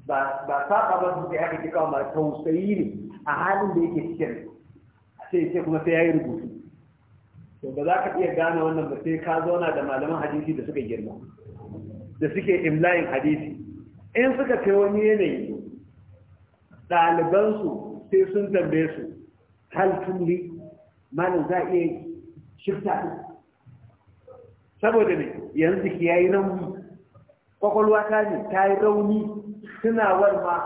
ba ba saba ba su ya kike kawo ma tausayi ne a halin da yake cikin sai sai kuma sai yayi rubutu to ba za ka iya gane wannan ba sai ka zauna da malaman hadisi da suka girma da suke imlayin hadisi in suka kai wani yanayi ɗalibansu sai sun tambaye su hal tuli malam za iya shirka saboda ne yanzu ki yayi nan kwakwalwa ta ne ta yi rauni tunawar ma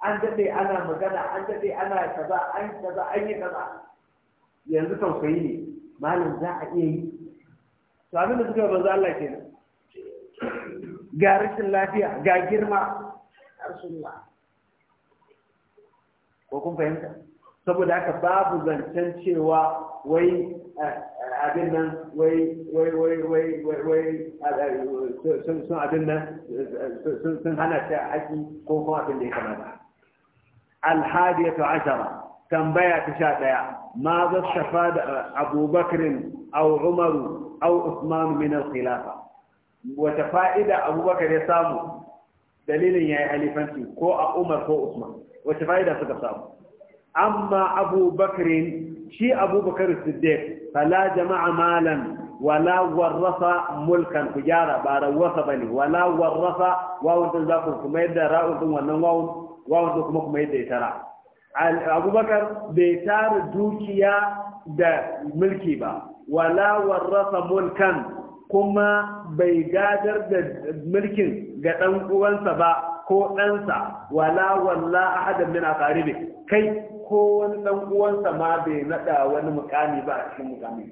an daɗe ana magana an daɗe ana kaza an kaza an yi kaza yanzu tausayi ne malam za a iya yi to abin da suka banza Allah kenan ga rashin lafiya ga girma rasulullah ko kun fahimta saboda haka babu zancen cewa wai eh, eh, abin nan wai wai wai wai wai eh, sun abin nan sun hana ta haƙi ko kuma abin da ya kamata alhadiyatu ashara tambaya ta sha ɗaya ma za su shafa da abubakarin au umaru au usman min al-khilafa wata fa'ida abubakar ya samu dalilin yayi halifanci ko a umar ko usman wata fa'ida suka samu amma abubakarin shi abubakar siddiq fala jama'a malan wala warrasa mulkan ku gyara ba rawasa bane wala warrasa wawun din ku kuma yadda ra'un din wannan wawun wawun din kuma kuma yadda ya tara abubakar bai tara dukiya da mulki ba wala warrasa mulkan kuma bai gadar da mulkin ga dan uwansa ba ko ɗansa wala walla ahadan min aqaribi kai ko wani dan uwansa ma bai naɗa wani mukami ba a cikin mukami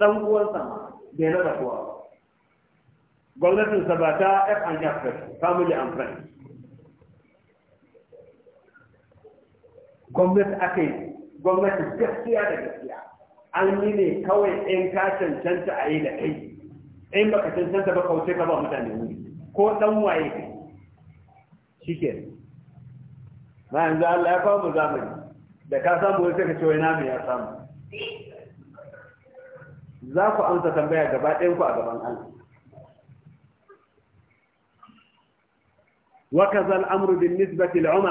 dan uwansa ma bai naɗa kowa gwamnatin sabata ta f and f family and friends gwamnati aka yi gwamnati gaskiya da gaskiya an yi ne kawai in ka cancanta a yi da kai in baka cancanta ba kawai ka ba mutane wuri ko ɗan waye shi ke ba yanzu Allah ya kawo mu zamani da ka samu wani sai ka ce wai na ya samu za ku amsa tambaya gaba ɗayan ku a gaban Allah wa kaza al-amru bin nisbati al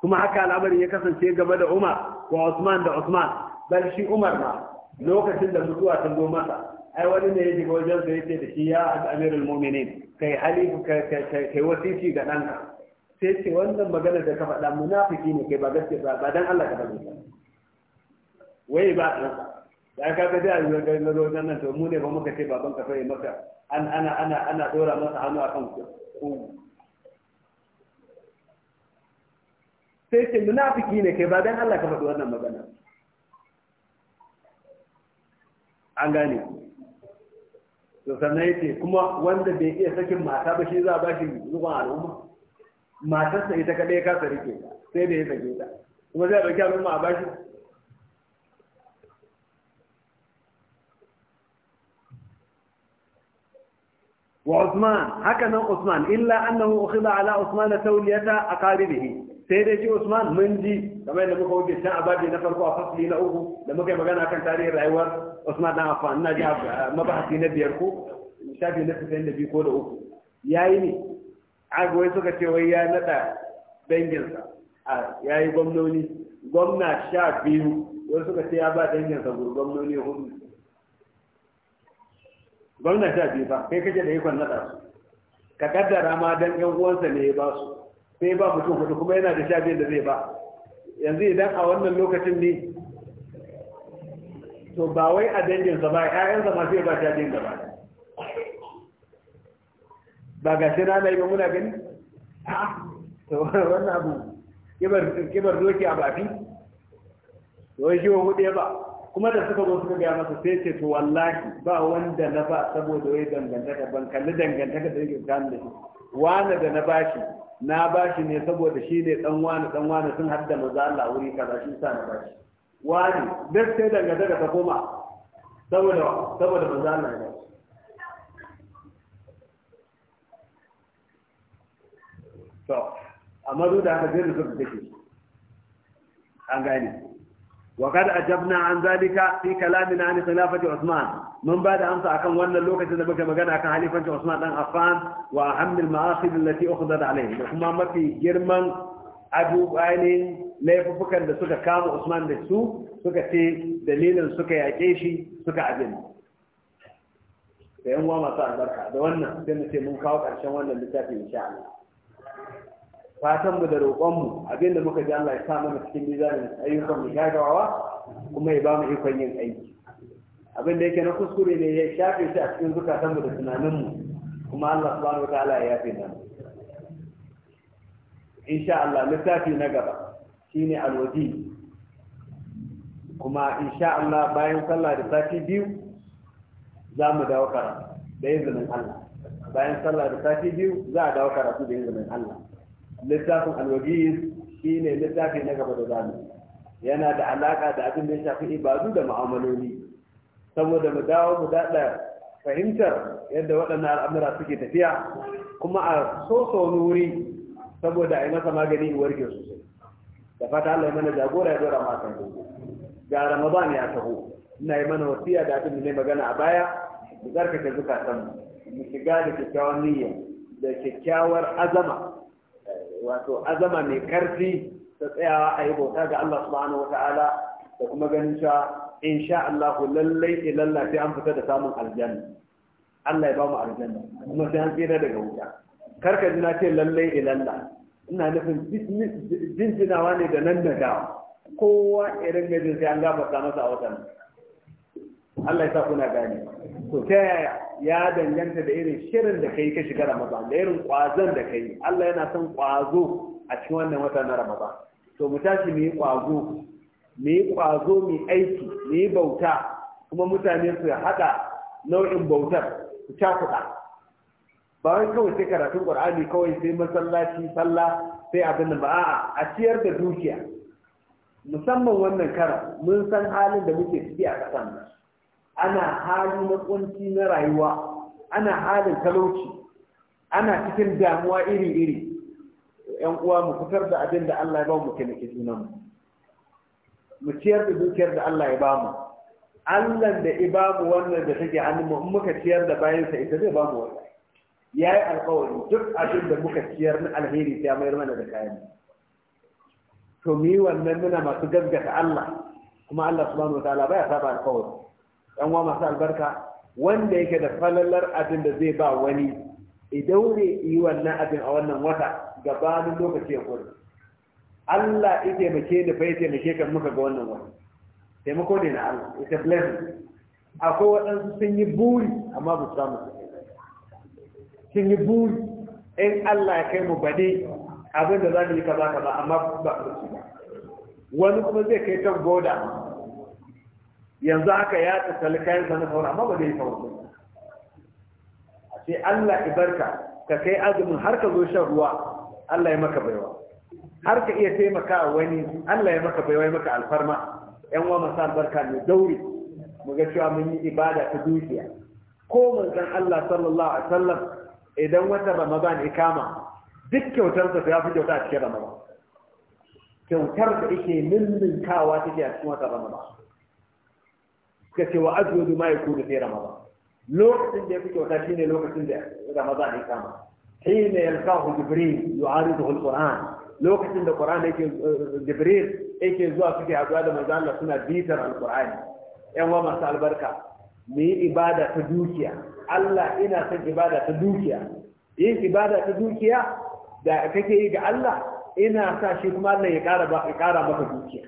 kuma haka al'amarin ya kasance gaba da Umar wa Usman da Usman bal shi Umar ma lokacin da mutuwa ta zo masa ai wani ne ya shiga wajen sa yace da shi ya amirul mu'minin kai halifu kai kai wasiki ga danka sai ce wannan magana da ka faɗa munafiki ne kai ba gaske ba ba dan Allah ka faɗi wai ba dan da ka ga da yau ga na nan to mu ne ba muka ce baban ka sai maka an ana ana ana dora masa hannu a kan ku sai ce munafiki ne kai ba dan Allah ka faɗi wannan magana an gane to sannan yace kuma wanda bai iya sakin mata ba shi za a bashi zuwa al'umma matarsa ita kaɗai kasa rike sai da ya sake ta kuma zai ɗauki al'umma a bashi wa Usman haka nan Usman illa annahu ukhida ala Usman tawliyata aqaribihi sai dai ji Usman mun ji kamar yadda muka wuce can ababi na farko a fasli na uku da muka yi magana kan tarihin rayuwar Usman dan Affan ina ji mabahasi na biyar ko shafi na 92 ko da uku yayi ne aka wai suka ce wai ya nada danginsa a ya yi gwamnoni gwamna sha biyu wai suka ce ya ba danginsa gwamnoni hudu gwamna sha biyu ba kai kake da ikon nada su ka kaddara ma dan yan uwansa ne ya ba su sai ba mutum hudu kuma yana da sha biyu da zai ba yanzu idan a wannan lokacin ne to ba wai a danginsa ba 'ya'yansa ma sai ba sha biyu da ba ba ga shi na yi ba muna gani to wani abu kibar doki a bafi wai shi wa hudu ba kuma da suka zo suka gaya masa sai ce to wallahi ba wanda na ba saboda wai dangantaka ban kalli dangantaka da yake kan da shi wani da na bashi na bashi ne saboda shi ne dan wani dan wani sun hadda maza Allah wuri kaza shi sa na bashi wani duk sai dangantaka ta koma saboda saboda maza Allah ne to amma da haka dai duk da take an gani wa ajabna an zalika fi kalamina an khilafati usman mun bada amsa akan wannan lokacin da muke magana akan halifanci usman dan afan wa ahammi al-ma'asib allati ukhdad alayhi kuma mafi girman abu bayanin laifukan da suka kama usman da su suka ce dalilan suka yake shi suka ajin sai mun wata albarka da wannan sai mun kawo karshen wannan litafin insha fatan mu da roƙon mu abinda muka ji Allah ya sa mana cikin mizanin ayyukan mu shagawa kuma ya ba mu ikon yin aiki abin da yake na kuskure ne ya shafe shi a cikin zukatan mu da tunanin mu kuma Allah subhanahu ta'ala ya yafe mana insha Allah littafi na gaba shine alwaji kuma insha Allah bayan sallah da sati biyu za mu dawo karatu da izinin Allah bayan sallah da sati biyu za a dawo karatu da izinin Allah littafin alwajiz shi ne littafi na gaba da zamu yana da alaka da abin da ya shafi ibadu da ma'amaloli saboda mu dawo mu daɗa fahimtar yadda waɗannan al'amura suke tafiya kuma a so wani wuri saboda a yi masa magani in warke sosai da fata Allah ya mana jagora ya dora masa ga Ramadan ya taho ina yi mana wasiya da abin da ne magana a baya mu tsarkake zukatan mu shiga da kyakkyawan niyya da kyakkyawar azama wato azama mai karfi ta tsayawa a yi bauta ga Allah subhanahu wa ta'ala da kuma ganin cewa in sha Allah lallai ilalla sai an fita da samun aljanna Allah ya ba mu aljanna kuma sai an tsira daga wuta karka ji na ce lallai ilalla ina nufin jinjinawa ne da nan da dawa kowa irin gajin sai an gaba masa a watan Allah ya sa kuna gane to ta yaya ya danganta da irin shirin da kai ka shiga Ramadan da irin kwazon da kai Allah yana son kwazo a cikin wannan wata na Ramadan to mu tashi mu yi kwazo mu yi kwazo mu aiki mu yi bauta kuma mutane su haɗa nau'in bautar su cakuɗa ba wai kawai sai karatun Qur'ani kawai sai masallaci sallah sai abin da ba a'a a ciyar da dukiya musamman wannan karan mun san halin da muke ciki a ƙasar nan ana hali na kunci na rayuwa ana halin talauci ana cikin damuwa iri-iri yan uwa mu fitar da abin da Allah ya ba mu taimake sunan mu mu ciyar da dukiyar da Allah ya ba mu Allah da ya ba mu wannan da take hannun mu in muka ciyar da bayan sa ita zai ba mu wannan yayi alƙawari duk abin da muka ciyar na alheri ta mayar mana da kayan to yi wannan muna masu gaggata Allah kuma Allah subhanahu wataala baya saba alƙawari ɗan wa masu albarka wanda yake da falalar abin da zai ba wani idan ne yi wannan abin a wannan wata gabanin lokaci ya kuri Allah ya taimake da bai taimake kan muka ga wannan wata taimako ne na Allah ita blessing akwai waɗansu sun yi buri amma ba su samu sun yi buri in Allah ya kai mu bade abin da za mu yi kaza kaza amma ba su ba wani kuma zai kai kan goda yanzu haka ya tattali kayan sa na faura amma ba zai yi faura ba ce Allah ibarka ka kai azumin har ka zo shan ruwa Allah ya maka baiwa har ka iya taimaka wani Allah ya maka baiwa ya maka alfarma yan wa masa albarka ne daure mu ga cewa mun yi ibada ta dukiya ko mun manzon Allah sallallahu alaihi wasallam idan wata Ramadan ikama duk kyautarsa ta ya fi kyauta a cikin Ramadan kyautar da yake ninninkawa take a cikin wata Ramadan suka ce wa azwaju ma yakunu fi ramadan lokacin da ya fi kyauta shine lokacin da ramadan ya kama حين يلقاه جبريل يعارضه القرآن lokacin da Qur'an yake eh, Jibril yake zuwa suke haɗuwa da manzo Allah suna bitar Al-Qur'ani ƴan wa masu albarka mu yi ibada ta dukiya Allah ina son ibada ta dukiya yin ibada ta dukiya da kake yi ga Allah ina sa shi kuma Allah ya ƙara maka dukiya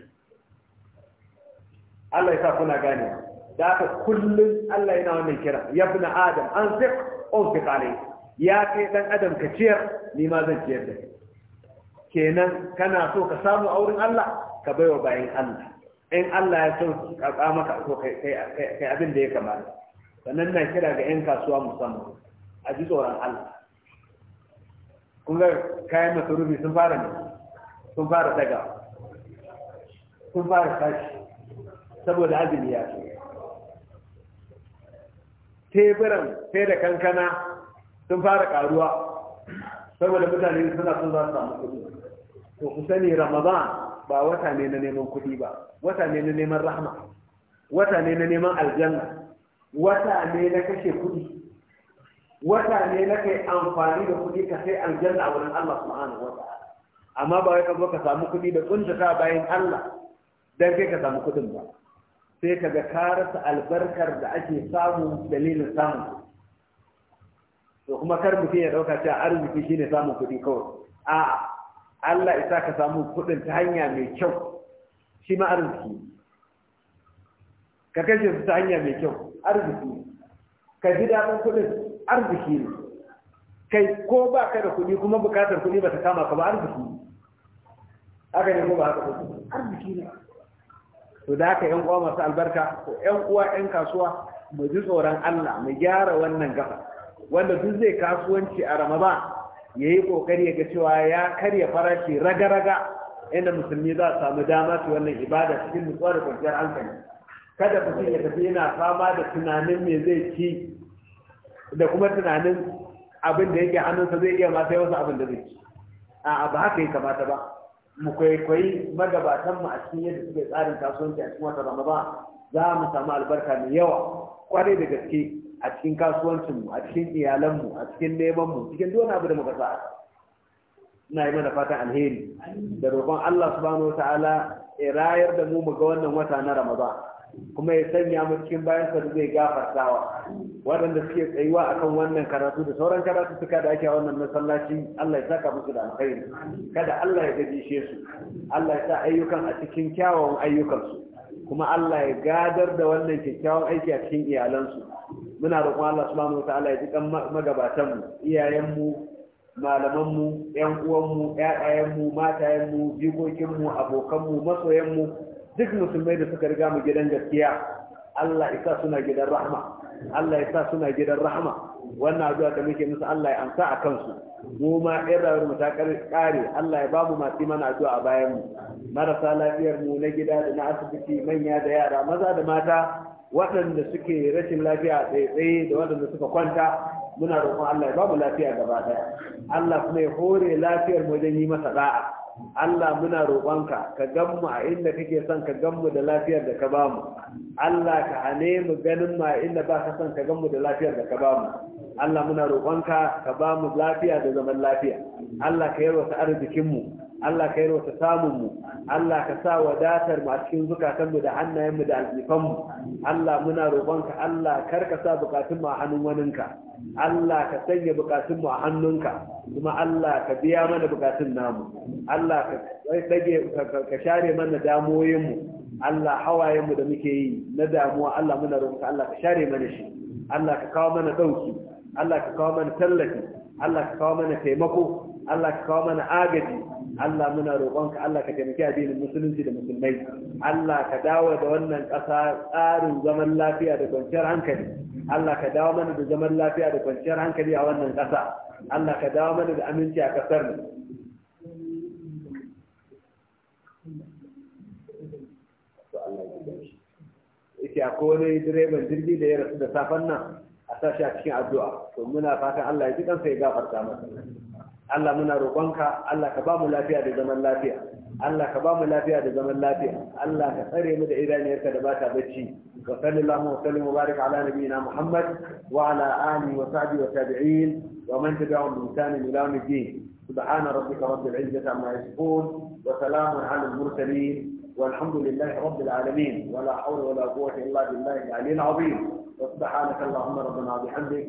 Allah ya sa kuna gane da kullum Allah yana wannan kira ya ibn adam an fi unfiq alayhi ya kai dan adam ka ciyar ni ma zan ciyar da kai kenan kana so ka samu auren Allah ka baiwa bayan Allah in Allah ya so ka maka so kai kai abin da ya kamata sannan na kira ga yan kasuwa musamman a ji tsoron Allah kun ga kayan masarufi sun fara ne sun fara daga sun fara tashi saboda azumi ya teburan sai da kankana sun fara karuwa saboda mutane suna sun za su samu kuɗi to ku sani ramadan ba wata ne na neman kuɗi ba wata ne na neman rahma wata ne na neman aljanna wata ne na kashe kuɗi wata ne na kai amfani da kuɗi ka sai aljanna a wurin Allah subhanahu wa ta'ala amma ba wai ka zo ka samu kuɗi da kunta bayan Allah dan kai ka samu kuɗin ba sai ka ga ka rasa albarkar da ake samu dalilin samun kuɗi to kuma kar mutum ya ɗauka cewa arziki shine samun kuɗi kawai a'a Allah isa ka samu kuɗin ta hanya mai kyau shi ma arziki ka kashe su ta hanya mai kyau arziki ka ji daɗin kuɗin arziki ne kai ko ba ka da kuɗi kuma buƙatar kuɗi ba ta kama ka ba arziki haka ne ko ba haka ba arziki ne to da ka yan uwa masu albarka ko yan uwa yan kasuwa mu ji tsoron Allah mu gyara wannan gaba wanda duk zai kasuwanci a Ramadan yayi kokari ya ga cewa ya karya farashi raga-raga inda musulmi za su samu dama su wannan ibada cikin nutsuwa da kwanciyar hankali kada mutum ya tafi yana fama da tunanin me zai ci da kuma tunanin abin da yake hannunsa zai iya masa sai abin da zai ci a'a ba haka ya kamata ba mu kwaikwayi magabatan mu a cikin yadda suke tsarin kasuwanci a cikin wata ramadan za mu samu albarka mai yawa kwarai da gaske a cikin kasuwancin mu a cikin iyalan mu a cikin neman mu cikin duk abu da muka sa ina yi mana fatan alheri da roƙon Allah subhanahu Ta'ala ya rayar da mu mu ga wannan wata na ramadan kuma ya sanya mu cikin bayan sa zai gafartawa waɗanda suke tsayuwa akan wannan karatu da sauran karatu suka da ake wannan masallaci Allah ya saka musu da alkhairi kada Allah ya gajishe su Allah ya sa ayyukan a cikin kyawawan ayyukan su kuma Allah ya gadar da wannan kyakkyawan aiki a cikin iyalansu muna roƙon Allah subhanahu wataala ya ji kan magabatan mu iyayen mu malaman mu ƴan uwan mu mu matayen mu jikokin mu abokan mu masoyan mu duk musulmai da suka riga mu gidan gaskiya Allah ya sa suna gidan rahma Allah ya suna gidan wannan addu'a da muke musu Allah ya amsa a kansu mu ma ɗan mu ta kare Allah ya bamu masu mana addu'a a bayan mu marasa lafiyar mu na gida da na asibiti manya da yara maza da mata waɗanda suke rashin lafiya tsaye-tsaye da waɗanda suka kwanta muna roƙon Allah ya bamu lafiya gaba ɗaya Allah kuma ya hore lafiyar mu wajen yi masa da'a Allah muna roƙonka ka gan mu a inda kake son ka gan da lafiyar da ka bamu Allah ka hane mu ganin ma a inda ba ka son ka gan da lafiyar da ka bamu Allah muna roƙonka ka bamu lafiya da zaman lafiya Allah ka yarwata arzikin mu Allah ka yi yarwata samunmu Allah ka sa wadatar mu a cikin zukatanmu da hannayenmu da alzifanmu Allah muna roƙonka Allah kar ka sa bukatunmu a hannun waninka Allah ka sanya bukatunmu a hannunka kuma Allah ka biya mana bukatun namu Allah ka dage ka share mana damuwoyinmu Allah hawayenmu da muke yi na damuwa Allah muna roƙonka Allah ka share mana shi Allah ka kawo mana ɗauki Allah ka kawo mana tallafi Allah ka kawo mana taimako Allah ka kawo mana agaji Allah muna roƙonka Allah ka taimaki addinin musulunci da musulmai Allah ka dawo da wannan ƙasa tsarin zaman lafiya da kwanciyar hankali Allah ka dawo mana da zaman lafiya da kwanciyar hankali a wannan ƙasa Allah ka dawo mana da aminci a ƙasar mu Ike a wani direban jirgi da ya rasu da safen nan a sashi a cikin addu'a to muna fatan Allah ya ji kansa ya gafarta masa Allah muna roƙonka Allah ka ba mu lafiya da zaman lafiya Allah ka ba mu lafiya da zaman lafiya Allah ka tsare mu da idaniyarka da bata bacci wa sallallahu wa sallam mubarak ala nabiyina Muhammad wa ala alihi wa sahbihi wa tabi'in wa man tabi'ahum bi ihsan ila yawm الدين سبحان ربك رب العزة عما يصفون وسلام على المرسلين والحمد لله رب العالمين ولا حول ولا قوة إلا بالله العلي العظيم وسبحانك اللهم ربنا وبحمدك